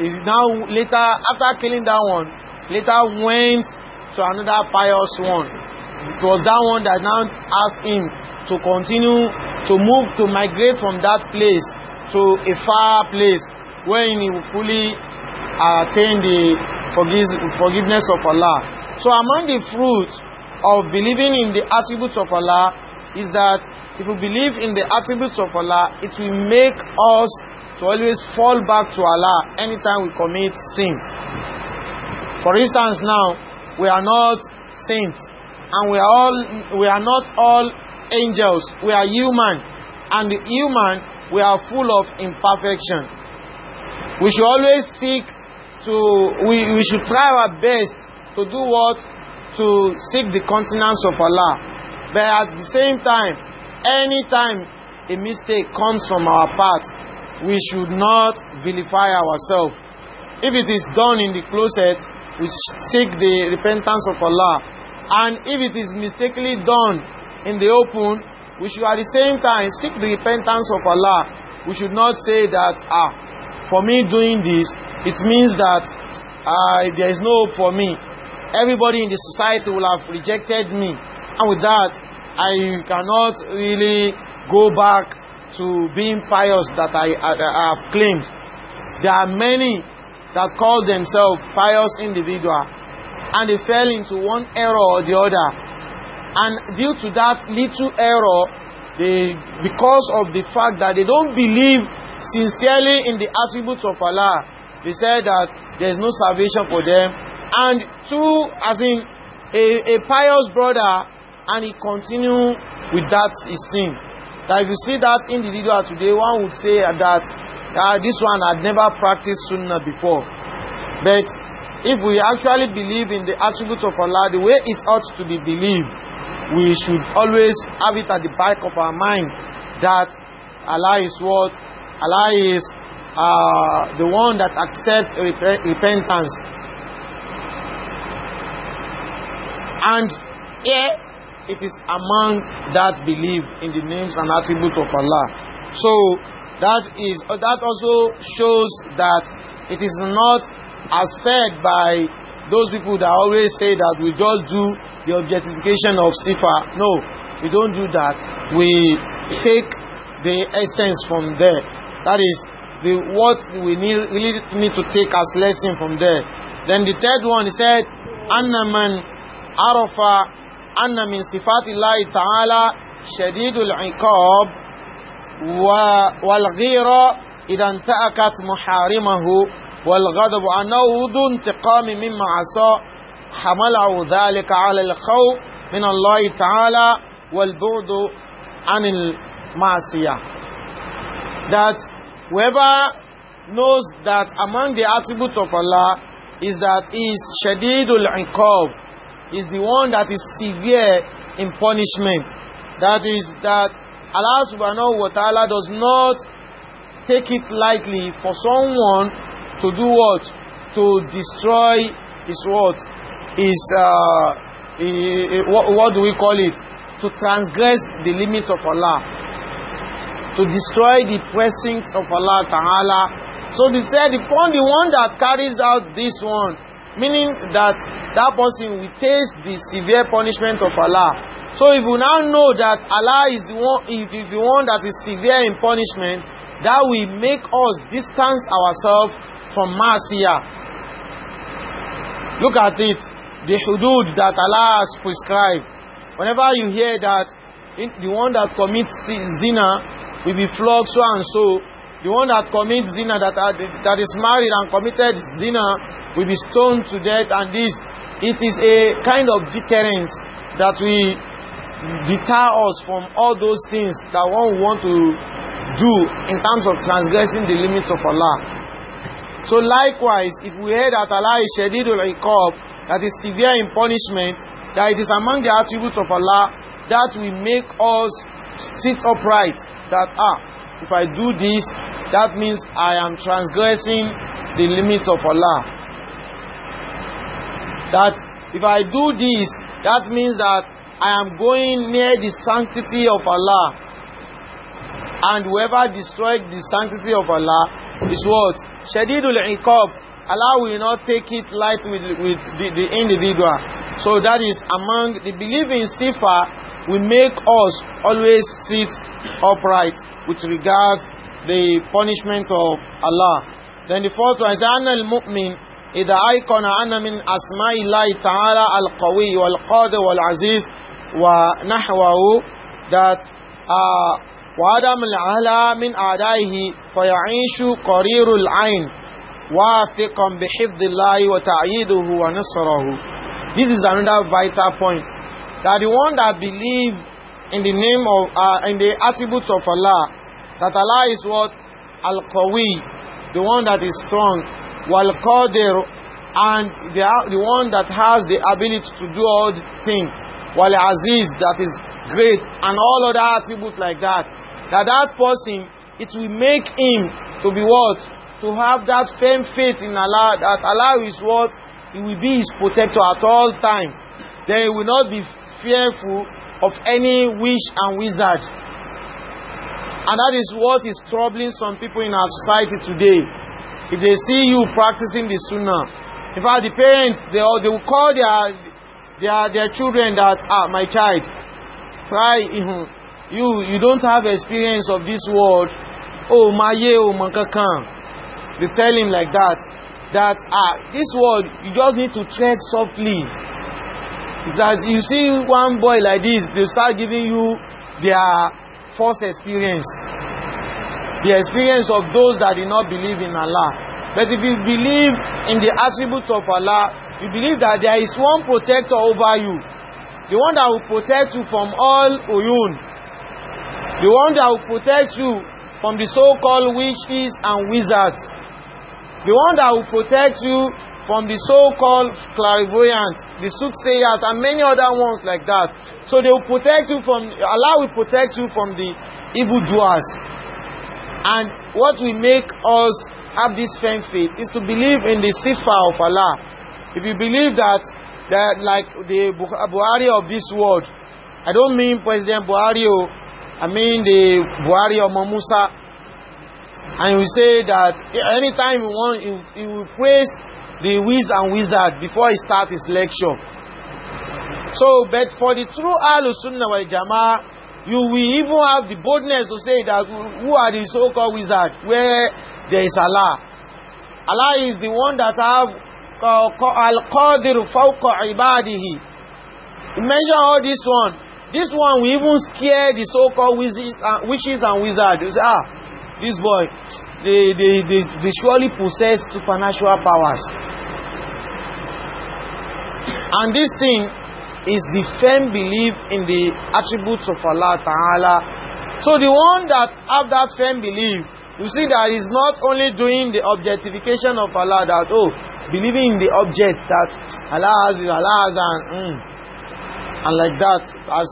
is now later, after killing that one, later went to another pious one. It was that one that now asked him to continue to move, to migrate from that place to a far place where he will fully attain the forgiveness of Allah. So among the fruits of believing in the attributes of Allah is that if we believe in the attributes of Allah, it will make us to always fall back to Allah anytime we commit sin. For instance, now we are not saints and we are all we are not all angels. We are human, and the human we are full of imperfection. We should always seek to we, we should try our best to do what to seek the continence of Allah. But at the same time, anytime a mistake comes from our part, we should not vilify ourselves. If it is done in the closet, we seek the repentance of Allah. And if it is mistakenly done in the open, we should at the same time seek the repentance of Allah. We should not say that, ah, for me doing this, it means that uh, there is no hope for me. Everybody in the society will have rejected me. And with that, I cannot really go back to being pious that I, I, I have claimed. There are many that call themselves pious individual and they fell into one error or the other. And due to that little error, they, because of the fact that they don't believe sincerely in the attributes of Allah, they said that there is no salvation for them. And two, as in a, a pious brother, and he continued with that his sin. That if you see that individual today, one would say that uh, this one had never practiced Sunnah before. But if we actually believe in the attributes of Allah, the way it ought to be believed, we should always have it at the back of our mind that Allah is what? Allah is uh, the one that accepts rep repentance. And here, yeah, it is among that believe in the names and attributes of Allah. So that is uh, that also shows that it is not as said by those people that always say that we just do the objectification of Sifa. No, we don't do that. We take the essence from there. That is the what we need, really need to take as lesson from there. Then the third one he said, "Anna man arafa أن من صفات الله تعالى شديد العقاب والغيرة إذا انتأكت محارمه والغضب أنه ذو انتقام مما عصى حمله ذلك على الخوف من الله تعالى والبعد عن المعصية That whoever knows that among the attributes of Allah is that he is shadidul iqab is the one that is severe in punishment. That is that Allah subhanahu wa ta'ala does not take it lightly for someone to do what? To destroy his what? Is uh, what, what do we call it? To transgress the limits of Allah. To destroy the blessings of Allah Ta'ala. So they said, upon the one that carries out this one, meaning that that person will taste the severe punishment of Allah. So if you now know that Allah is the one, if, if the one that is severe in punishment, that will make us distance ourselves from Masiyah. Look at it, the hudud that Allah has prescribed. Whenever you hear that the one that commits zina will be flogged so and so, the one that commits zina that, that is married and committed zina will be stoned to death and this it is a kind of deterrence that we deter us from all those things that one want to do in terms of transgressing the limits of Allah. So likewise, if we hear that Allah is shadidul iqab, that is severe in punishment, that it is among the attributes of Allah that will make us sit upright, that ah, if I do this, that means I am transgressing the limits of Allah. that if I do this, that means that I am going near the sanctity of Allah. And whoever destroyed the sanctity of Allah is what? Shadidul Iqab. Allah will not take it light with, with the, the individual. So that is among the believing. in Sifa will make us always sit upright with regards the punishment of Allah. Then the fourth one is Anna al-Mu'min إذا أيقن أن من أسماء الله تعالى القوي والقادر والعزيز ونحوه that uh, وعدم العلا من أعدائه فيعيش قرير العين واثقا بحفظ الله وتعييده ونصره This is another vital point that the one that believe in the name of uh, in the attributes of Allah that Allah is what Al-Qawi the one that is strong wal qadir and the, the one that has the ability to do all the things wal aziz that is great and all other attributes like that that that person it will make him to be what to have that firm faith in Allah that Allah is what he will be his protector at all time. then he will not be fearful of any wish and wizard and that is what is troubling some people in our society today if they see you practicing the sunnah. In fact, the parents, they, they will call their, their, their children that, ah, my child, try, mhm, you, you don't have experience of this world. Oh, my ye, oh, mankakan. They tell him like that. That, ah, this world, you just need to tread softly. That you see one boy like this, they start giving you their first experience the experience of those that do not believe in Allah. But if you believe in the attributes of Allah, you believe that there is one protector over you, the one that will protect you from all uyun, the one that will protect you from the so-called witches and wizards, the one that will protect you from the so-called clairvoyants, the soothsayers, and many other ones like that. So they will protect you from, Allah will protect you from the evil doers. And what will make us have this firm faith is to believe in the sifa of Allah. If you believe that, that like the Buhari of this world, I don't mean President Buhari, I mean the Buhari of Mamusa, And we say that anytime you want, you, will praise the wiz and wizard before he starts his lecture. So, but for the true Ahlus Sunnah wal Jama'ah, You will even have the boldness to say that who are the so-called wizard where there is Allah. Allah is the one that have Al-Qadir Fawqa Ibadihi. Mention all this one. This one will even scare the so-called witches and, witches and wizards. You say, ah, this boy, they, they, they, they surely possess supernatural powers. And this thing is the firm belief in the attributes of Allah Ta'ala. So the one that have that firm belief, you see that is not only doing the objectification of Allah that, oh, believing in the object that Allah has is Allah has and, mm, and like that, as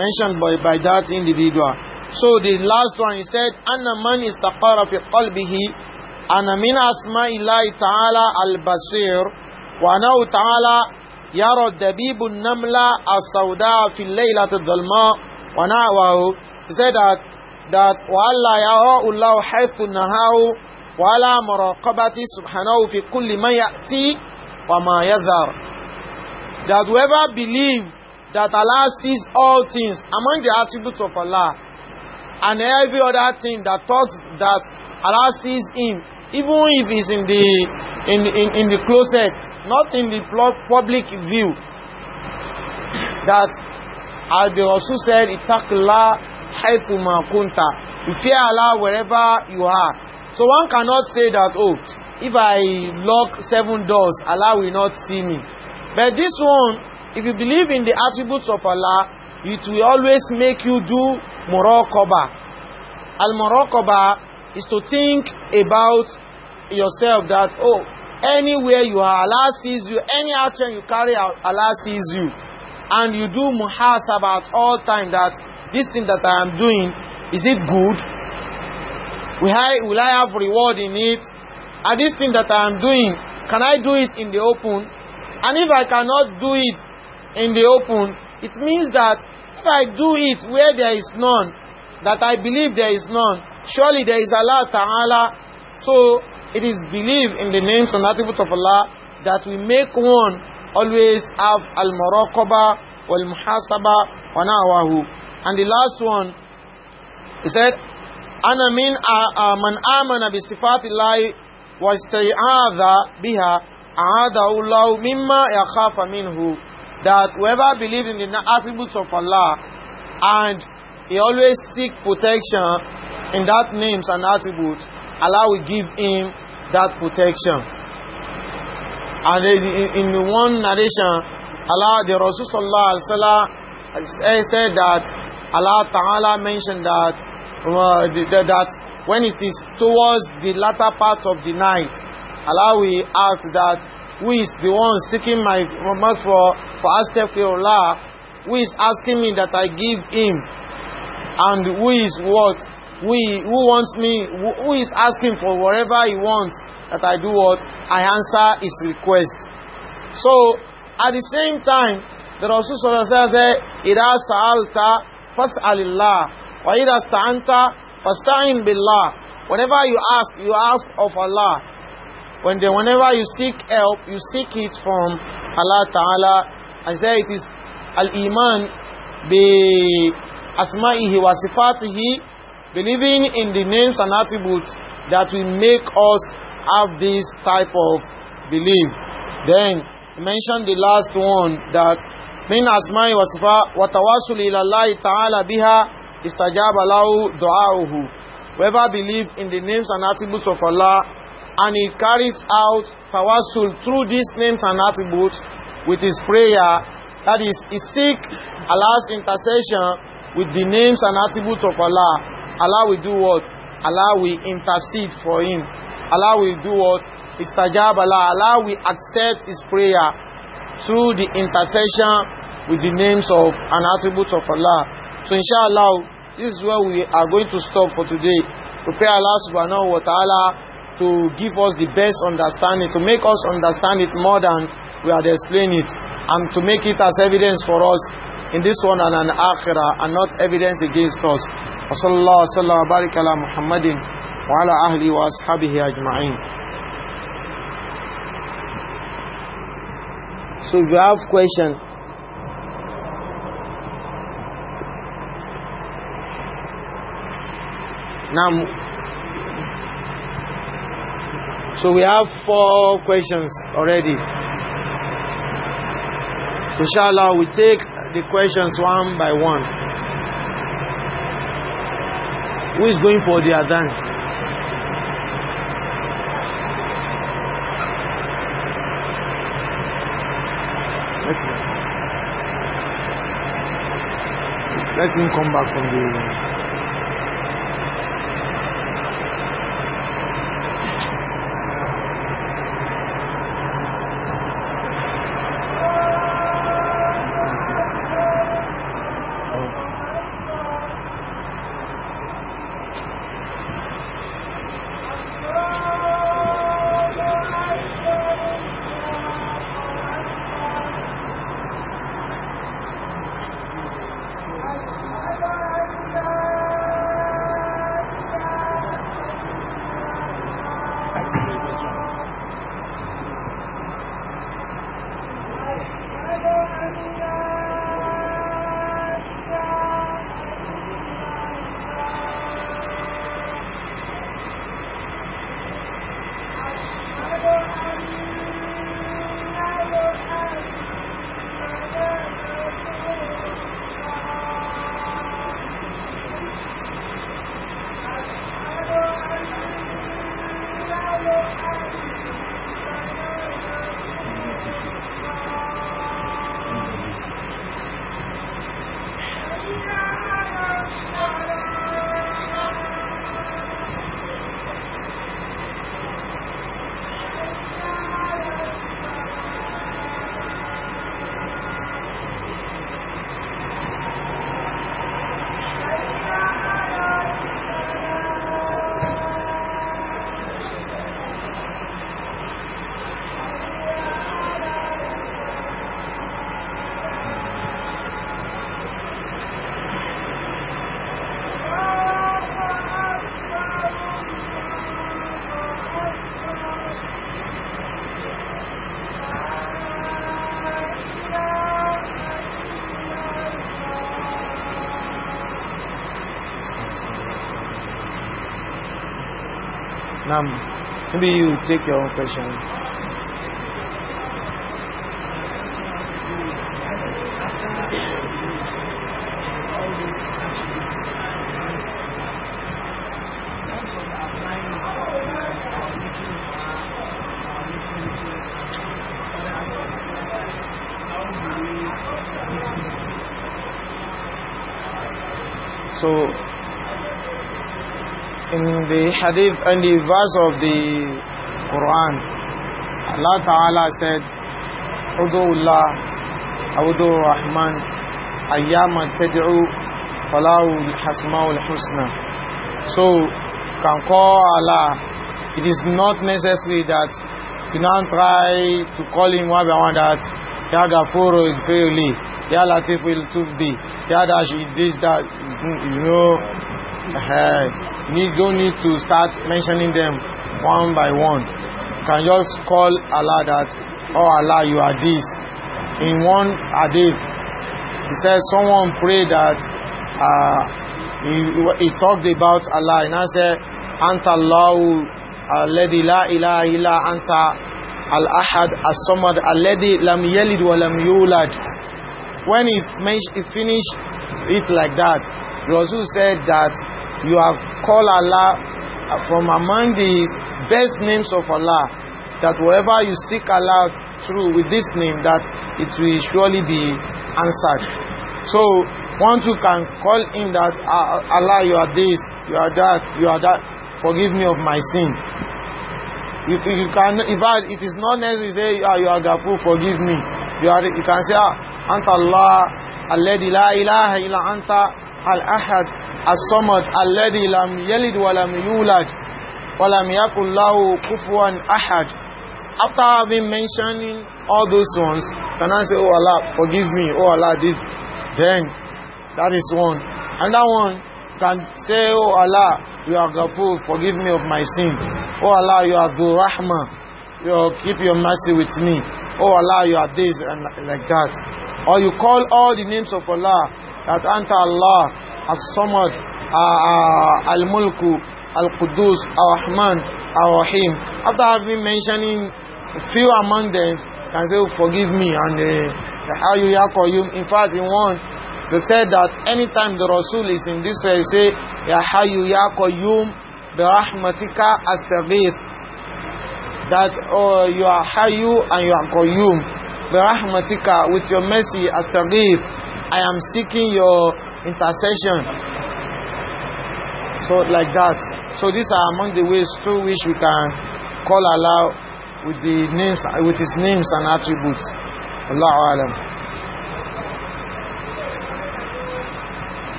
mentioned by, by that individual. So the last one, he said, Anna مَنْ إِسْتَقَرَ فِي قَلْبِهِ anna مِنْ أَسْمَاءِ اللَّهِ al basir وَأَنَّهُ Taala." يرى الدبيب النملة السوداء في الليلة الظلماء ونعوه said that that وَأَلَّا يَرَاءُ اللَّهُ حَيْثُ نَهَاهُ وَعَلَى مُرَاقَبَةِ سُبْحَانَهُ فِي كُلِّ مَا يَأْتِي وَمَا يَذَرُ That whoever believes that Allah sees all things among the attributes of Allah and every other thing that talks that Allah sees him even if he's in the in in, in the closet not in the public view that as the Rasul said itakla haifuma kunta you fear Allah wherever you are so one cannot say that oh if I lock seven doors Allah will not see me but this one if you believe in the attributes of Allah it will always make you do morokoba. al morokoba is to think about yourself that oh Anywhere you are, Allah sees you. Any action you carry out, Allah sees you. And you do muhasaba at all time that this thing that I am doing, is it good? Will I, will I have reward in it? And this thing that I am doing, can I do it in the open? And if I cannot do it in the open, it means that if I do it where there is none, that I believe there is none, surely there is Allah Ta'ala. So It is believed in the names and attributes of Allah that we make one always have al-muraqaba wal-muhasaba wa nawahu. And the last one, he said, أنا من من آمن بصفات الله واستعاذ biha أعاده الله mimma يخاف minhu that whoever believes in the attributes of Allah and he always seek protection in that names and attributes Allah will give him that protection. And in one narration, Allah, the Rasul Sallallahu Alaihi Wasallam said that Allah Ta'ala mentioned that, uh, that when it is towards the latter part of the night, Allah will ask that, who is the one seeking my Muhammad for, for Astaghfirullah, who is asking me that I give him, and who is what who, who wants me, who, who is asking for whatever he wants that I do what? I answer his request. So, at the same time, the Rasul said, إِذَا wa فَاسْأَلِ اللَّهِ وَإِذَا اسْتَعَنْتَ in بِاللَّهِ Whenever you ask, you ask of Allah. When the, whenever you seek help, you seek it from Allah Ta'ala. I say it is al-iman bi asma'ihi wa sifatihi believing in the names and attributes that will make us have this type of belief. Then he mentioned the last one that من أسماء wa وتواصل إلى الله taala biha استجاب له دعاؤه whoever believes in the names and attributes of Allah and he carries out tawassul through these names and attributes with his prayer that is he seek Allah's intercession with the names and attributes of Allah Allah will do what? Allah will intercede for him. Allah will do what? Istajabala. Allah Allah, will accept his prayer through the intercession with the names of and attributes of Allah. So inshallah, this is where we are going to stop for today. To pray Allah subhanahu wa ta'ala to give us the best understanding, to make us understand it more than we had explained it, and to make it as evidence for us in this one and an akhirah are not evidence against us. as الله وسلم وبارك wa ala وعلى أهله وأصحابه So if you have question, now, so we have four questions already. So inshallah, we take the questions one by one. Who is going for the Adan? Let let him come back from the... Thanks. Maybe you take your own question. hadith and the verse of the Quran. Allah Ta'ala said, Udu'ullah, Udu'u Rahman, Ayyama tad'u, Falahu al-Hasma'ul Husna. So, can call Allah. It is not necessary that you don't try to call him one by one that Ya Gafuru Igfirli, Ya Latifu Iltubdi, Ya Dash, this, that, you know, hey. Eh, you don't need to start mentioning them one by one. You can just call Allah that, Oh Allah, you are this. In one hadith, he says someone prayed that uh, he, he, talked about Allah and I said, Anta Allahu alladhi la ilaha illa anta al-ahad as-samad alladhi lam yalid wa lam yulad. When he, finished it like that, Rasul said that you have called Allah from among the best names of Allah that wherever you seek Allah through with this name that it will surely be answered so once you can call him that ah, Allah you are this you are that you are that forgive me of my sin you, you can in fact it is not necessary say ah you are Gafur forgive me you are you can say ah anta Allah alladhi la ilaha illa anta al-ahad as-samad alladhi lam yalid wa lam yulad wa lam yakul ahad after having mentioning all those ones can I say oh Allah forgive me oh Allah this then that is one and that one can say oh Allah you are Ghafur forgive me of my sin oh Allah you are Dhul Rahman you keep your mercy with me. Oh Allah, you are this and like that. Or you call all the names of Allah that anta Allah as-samad uh, uh, al-mulku al-qudus ar-rahman ar-rahim after having mentioning few among them can say oh, forgive me and uh, how you yakoyum in fact in one they said that anytime the Rasul is in this way, say, Ya Hayyu Ya Qayyum Birahmatika Astaghith. That oh, you are Hayyu and you are Qayyum. Birahmatika, with your mercy, Astaghith. I am seeking your intercession. So, like that. So, these are among the ways through which we can call Allah with the names, with His names and attributes. Allahu Alam.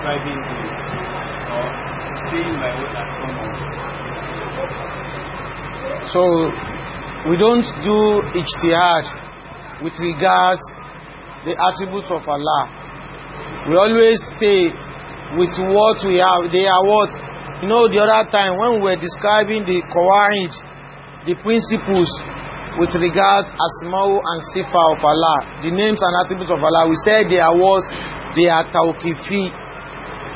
ascribing this or uh, saying my word as common. So we don't do ijtihad with regards the attributes of Allah. We always stay with what we have. They are what? You know, the other time when we were describing the Qawaid, the principles with regards Asma'u and Sifa of Allah, the names and attributes of Allah, we said they are what? They are Tawqifi.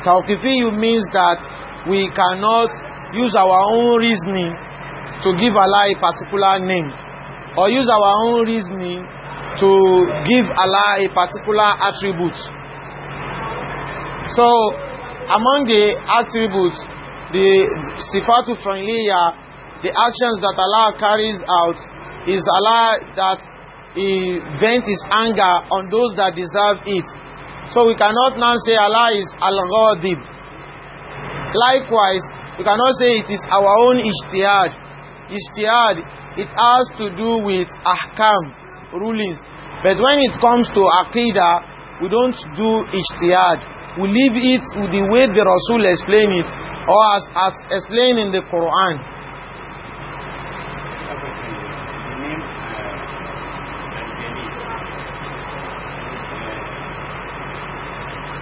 Tawqifiyu means that we cannot use our own reasoning to give Allah a particular name or use our own reasoning to give Allah a particular attribute. So, among the attributes, the sifatu fa'iliya, the actions that Allah carries out is Allah that he vents his anger on those that deserve it So we cannot now say Allah is Al-Ghadib. Likewise, we cannot say it is our own ijtihad. Ijtihad, it has to do with ahkam, rulings. But when it comes to aqidah, we don't do ijtihad. We leave it with the way the Rasul explained it, or as, as explained in the Quran.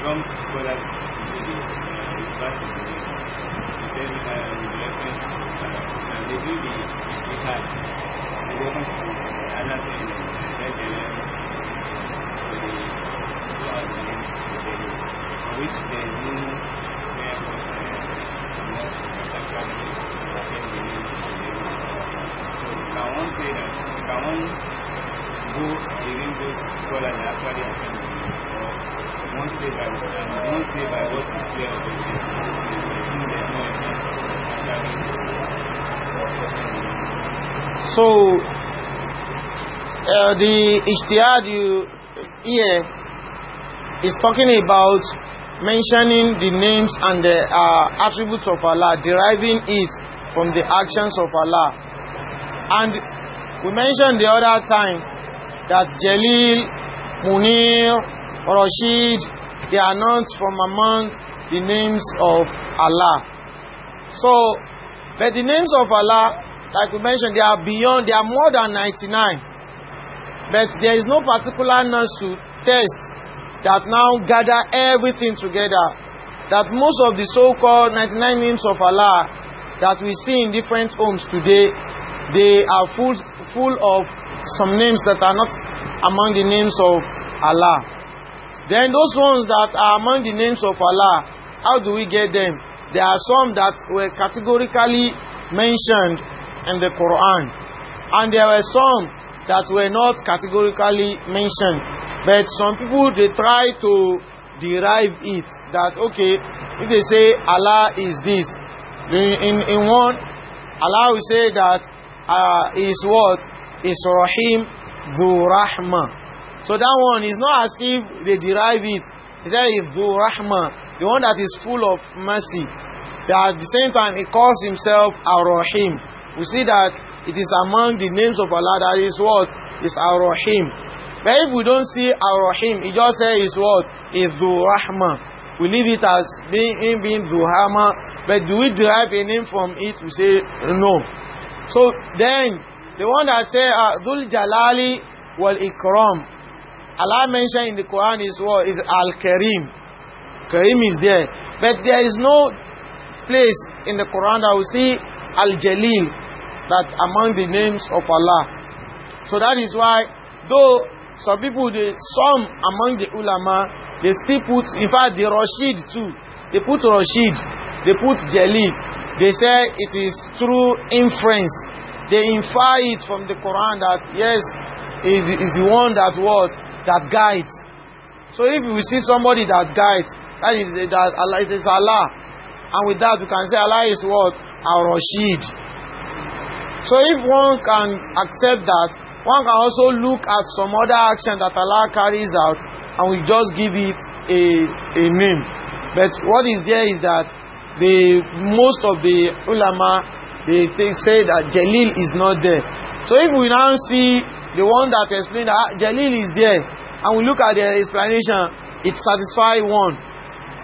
Trump the ijtihad you hear is talking about mentioning the names and the uh, attributes of Allah, deriving it from the actions of Allah. And we mentioned the other time that Jalil, Munir, Rashid, they are not from among the names of Allah. So, but the names of Allah, like we mentioned, they are beyond, they are more than 99. But there is no particular nasu test that now gather everything together. That most of the so-called 99 names of Allah that we see in different homes today, they are full, full of some names that are not among the names of Allah. Then those ones that are among the names of Allah, how do we get them? There are some that were categorically mentioned in the Quran. And there were some that were not categorically mentioned. But some people, they try to derive it that, okay, if they say Allah is this, in, in one, Allah will say that uh, is what? Is Rahim the Rahman. So that one is not as if they derive it. He said Dhu the one that is full of mercy. That at the same time, he calls himself Ar-Rahim. We see that it is among the names of Allah that is what? Is Ar-Rahim. But if we don't see Ar-Rahim, it just says is what? Is Dhurahma. We leave it as being him being Dhuhama, but do we derive a name from it? We say no. So then, the one that say uh, Jalali wal Ikram, Allah mentioned in the Quran is what? Is Al-Karim. Karim is there. But there is no place in the Quran that we see Al-Jalil that among the names of Allah. So that is why, though some people, they, some among the ulama, they still put, in fact, the Rashid too. They put Rashid, they put Jalil. They say it is through inference. They infer it from the Quran that, yes, it is the one that what? That guides. So if we see somebody that guides, that is, that Allah, it is Allah. And with that, we can say Allah is what? Our Rashid. So if one can accept that, one can also look at some other action that Allah carries out and we just give it a, a name. But what is there is that the most of the ulama they, they say that Jalil is not there. So if we now see the one that explained that ah, Jalil is there and we look at the explanation, it satisfies one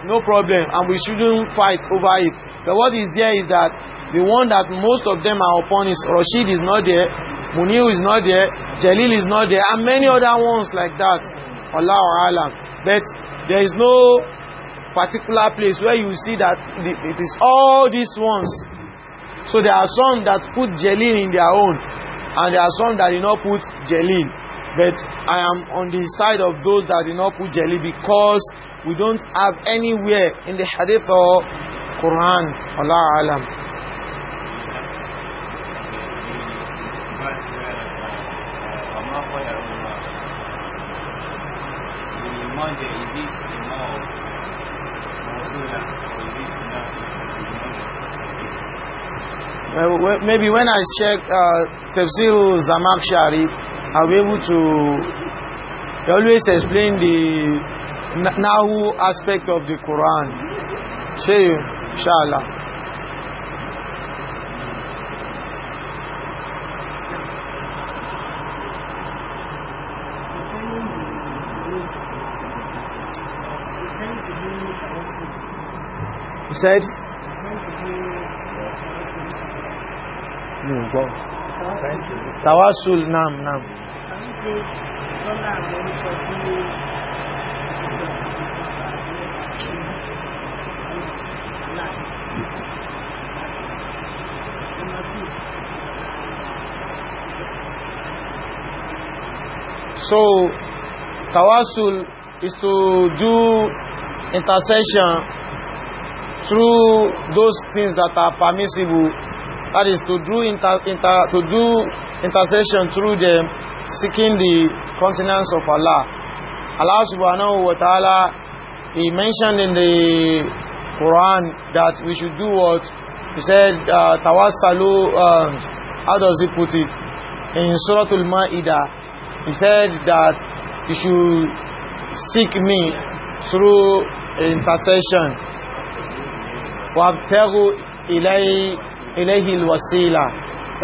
no problem, and we shouldn't fight over it. But what is there is that the one that most of them are upon is Rashid is not there, Munir is not there, Jalil is not there, and many other ones like that. Allah or Allah. But there is no particular place where you see that it is all these ones. So there are some that put Jalil in their own, and there are some that do not put Jalil. But I am on the side of those that do not put Jalil because we don't have anywhere in the hadith or Quran. Allah alam. maybe when I check uh, Tafsir Zamak Shari, I'll be able to always explain the Nahu aspect of the Quran. Ṣé yìí, He said, No, go. Tawasul, nam, nam. So, tawassul is to do intercession through those things that are permissible. That is to do inter, inter to do intercession through them, seeking the countenance of Allah. Allah subhanahu wa ta'ala, He mentioned in the Quran that we should do what? He said, uh, tawassalu, uh, how does he put it? In Surah Al-Ma'idah, He said that you should seek me through intercession. وَابْتَغُوا إِلَيْهِ الْوَسِيلَةِ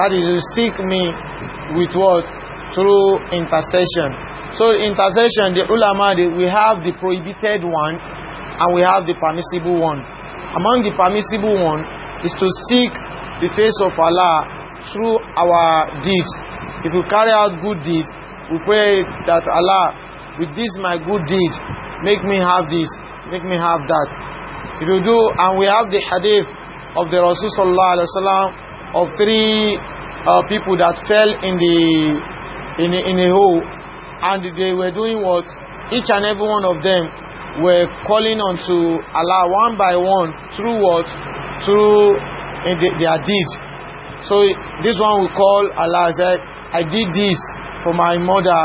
That is, you seek me with what? Through intercession. So intercession, the ulama, the, we have the prohibited one and we have the permissible one. Among the permissible one is to seek the face of Allah through our deeds. If you carry out good deeds, We pray that Allah, with this my good deed, make me have this, make me have that. If you do, and we have the hadith of the Rasul Sallallahu Alaihi Wasallam of three uh, people that fell in the in a, in a hole, and they were doing what? Each and every one of them were calling on to Allah one by one through what? Through uh, their deed. So this one we call Allah said, I did this, for my mother.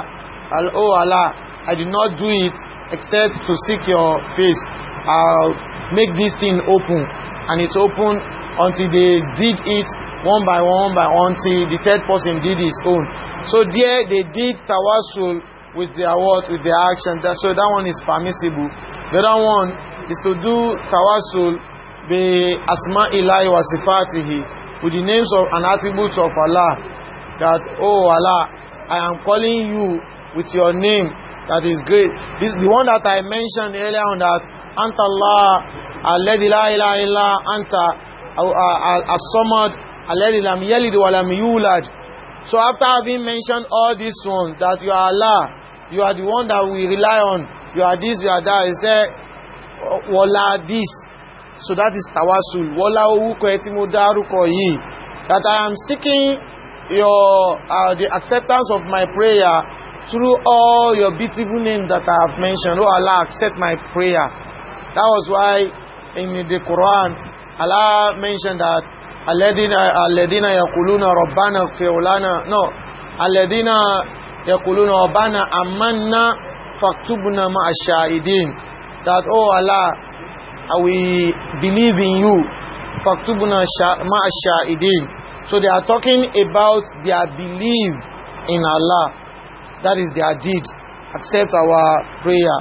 And oh Allah, I did not do it except to seek your face. I'll make this thing open. And it's open until they did it one by one by one till the third person did his own. So there they did tawassul with their words, with their action. That, so that one is permissible. The other one is to do tawassul bi asma'illahi wa sifatihi with the names of and attributes of Allah. That, oh Allah, I am calling you with your name that is great. This the one that I mentioned earlier on that Anta Allah alladhi la ilaha illa anta uh, uh, uh, as-samad alladhi lam yalid wa yulad. So after having mentioned all these ones that you are Allah, you are the one that we rely on, you are this, you are that, he said, wala this. So that is tawassul. Wala orúkọ ẹ tí mo That I am seeking your uh, the acceptance of my prayer through all your beautiful names that I have mentioned. Oh Allah, accept my prayer. That was why in the Quran, Allah mentioned that الذين يقولون ربنا اغفر no الذين يقولون ربنا Amanna فاكتبنا مع that oh Allah we believe in you فاكتبنا مع So they are talking about their belief in Allah. That is their deed. Accept our prayer.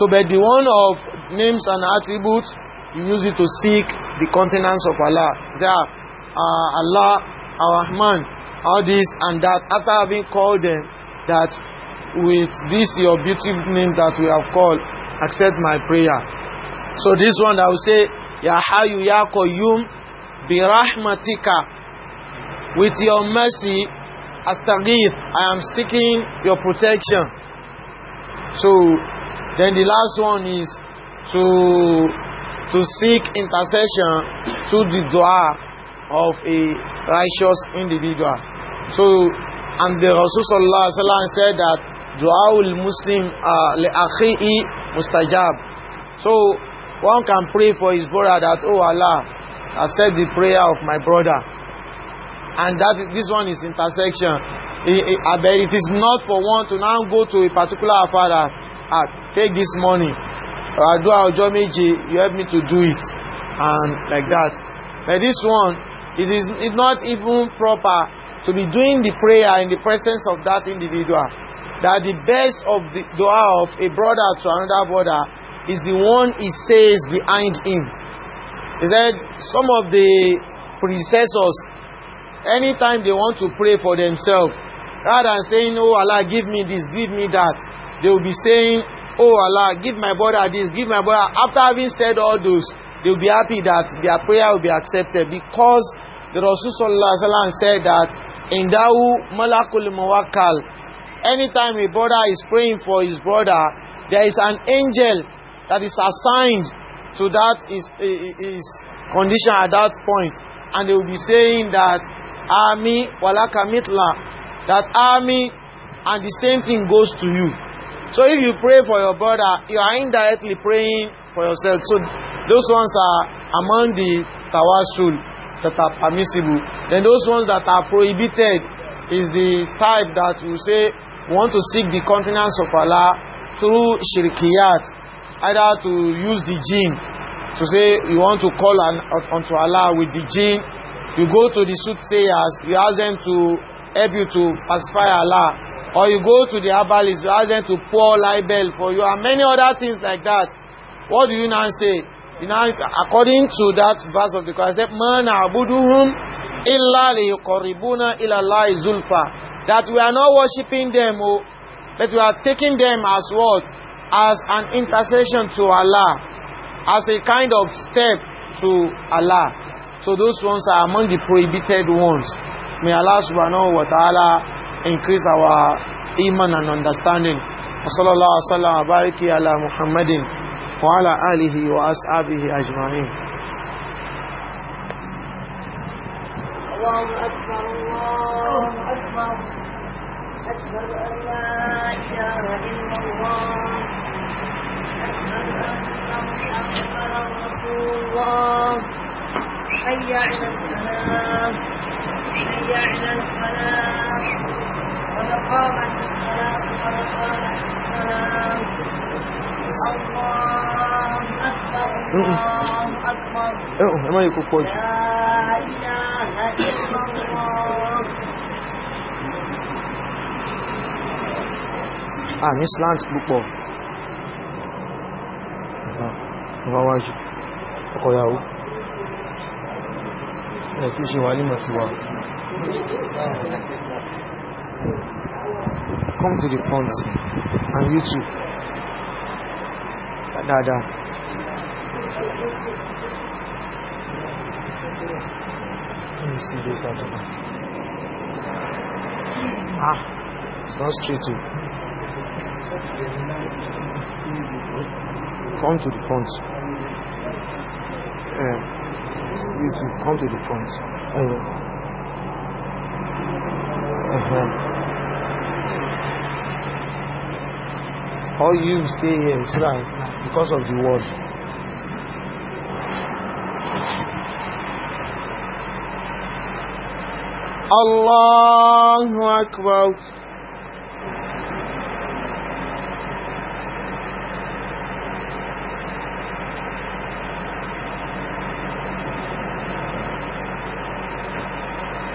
So but the one of names and attributes, you use it to seek the countenance of Allah. Say, ah, uh, Allah, Ar-Rahman, all this and that. After having called them, that with this your beautiful name that we have called, accept my prayer. So this one I will say, Ya Hayu Ya Qayyum, Birahmatika, With your mercy, Astaghith, I am seeking your protection. So, then the last one is to, to seek intercession through the dua of a righteous individual. So, and the Rasulullah said that dua ul Muslim uh, mustajab. So, one can pray for his brother that, oh Allah, accept the prayer of my brother. and that is, this one is intersection it, it, it is not for one to now go to a particular afara ah take this money do our job. méje you help me to do it and like that but this one it is it's not even proper to be doing the prayer in the presence of that individual that the best of the dua of a brother to another brother is the one he says behind him he said some of the predecessors anytime they want to pray for themselves, rather than saying, Oh Allah, give me this, give me that, they will be saying, Oh Allah, give my brother this, give my brother. After having said all those, they will be happy that their prayer will be accepted because the Rasulullah said that, Indahu malakul muwakkal. Anytime a brother is praying for his brother, there is an angel that is assigned to that is, is condition at that point, and they will be saying that army walakamitla that army and the same thing goes to you so if you pray for your brother you are indirectly praying for yourself so those ones are among the tawassul that are permissible then those ones that are prohibited is the type that we say want to seek the countenance of Allah through shirkiyat either to use the jinn to say you want to call an, unto Allah with the jinn You go to the soothsayers, you ask them to help you to pacify Allah. Or you go to the herbalists, you ask them to pour libel for you, and many other things like that. What do you now say? You know, according to that verse of the Quran, said, Man abuduhum illa liyukoribuna illa Allah zulfa. That we are not worshiping them, oh, but we are taking them as what? As an intercession to Allah. As a kind of step to Allah. So those ones are among the prohibited ones. May Allah subhanahu wa ta'ala increase our iman and understanding. Sallallahu alaihi wa bariki ala Muhammadin wa ala alihi wa ashabihi ajma'in. حي على السلام حي على السلام قد قامت الصلاة قد الله أكبر الله أكبر لا إله إلا الله Ah, ní slant púpọ̀. Ọba wájú, ọkọ̀ ìyàwó. ẹ̀ tí ṣe wàlímà ti wà come to the front and you too dáadáa Ah, it's not straight to. Oh. Come to the front. Yeah. you to come to the front. Uh, uh-huh. Or you stay here so because of the word. Allahu Akbar.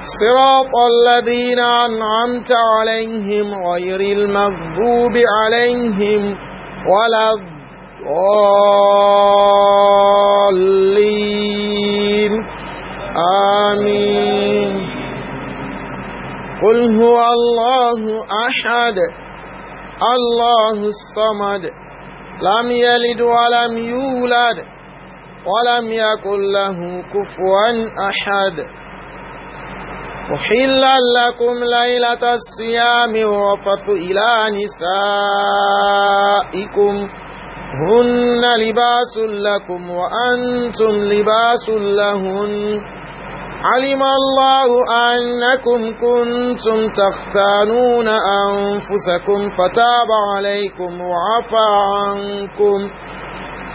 صراط الذين أنعمت عليهم غير المغضوب عليهم ولا الضالين آمين قل هو الله أحد الله الصمد لم يلد ولم يولد ولم يكن له كفوا أحد أحلا لكم ليلة الصيام الرفث إلى نسائكم هن لباس لكم وأنتم لباس لهن علم الله أنكم كنتم تختانون أنفسكم فتاب عليكم وعفى عنكم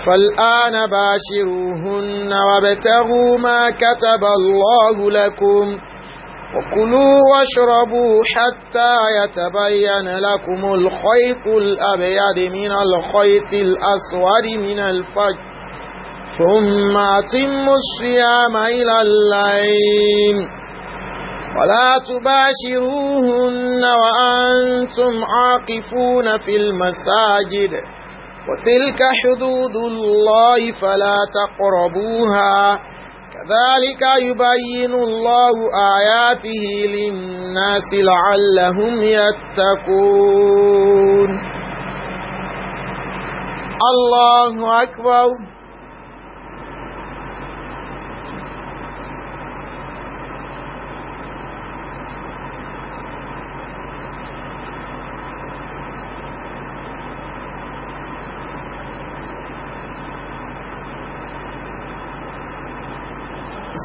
فالآن باشروهن وابتغوا ما كتب الله لكم وكلوا واشربوا حتى يتبين لكم الخيط الأبيض من الخيط الأسود من الفجر ثم أتموا الصيام إلى الليل ولا تباشروهن وأنتم عاقفون في المساجد وتلك حدود الله فلا تقربوها ذلك يبين الله آياته للناس لعلهم يتقون الله أكبر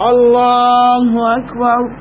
الله أكبر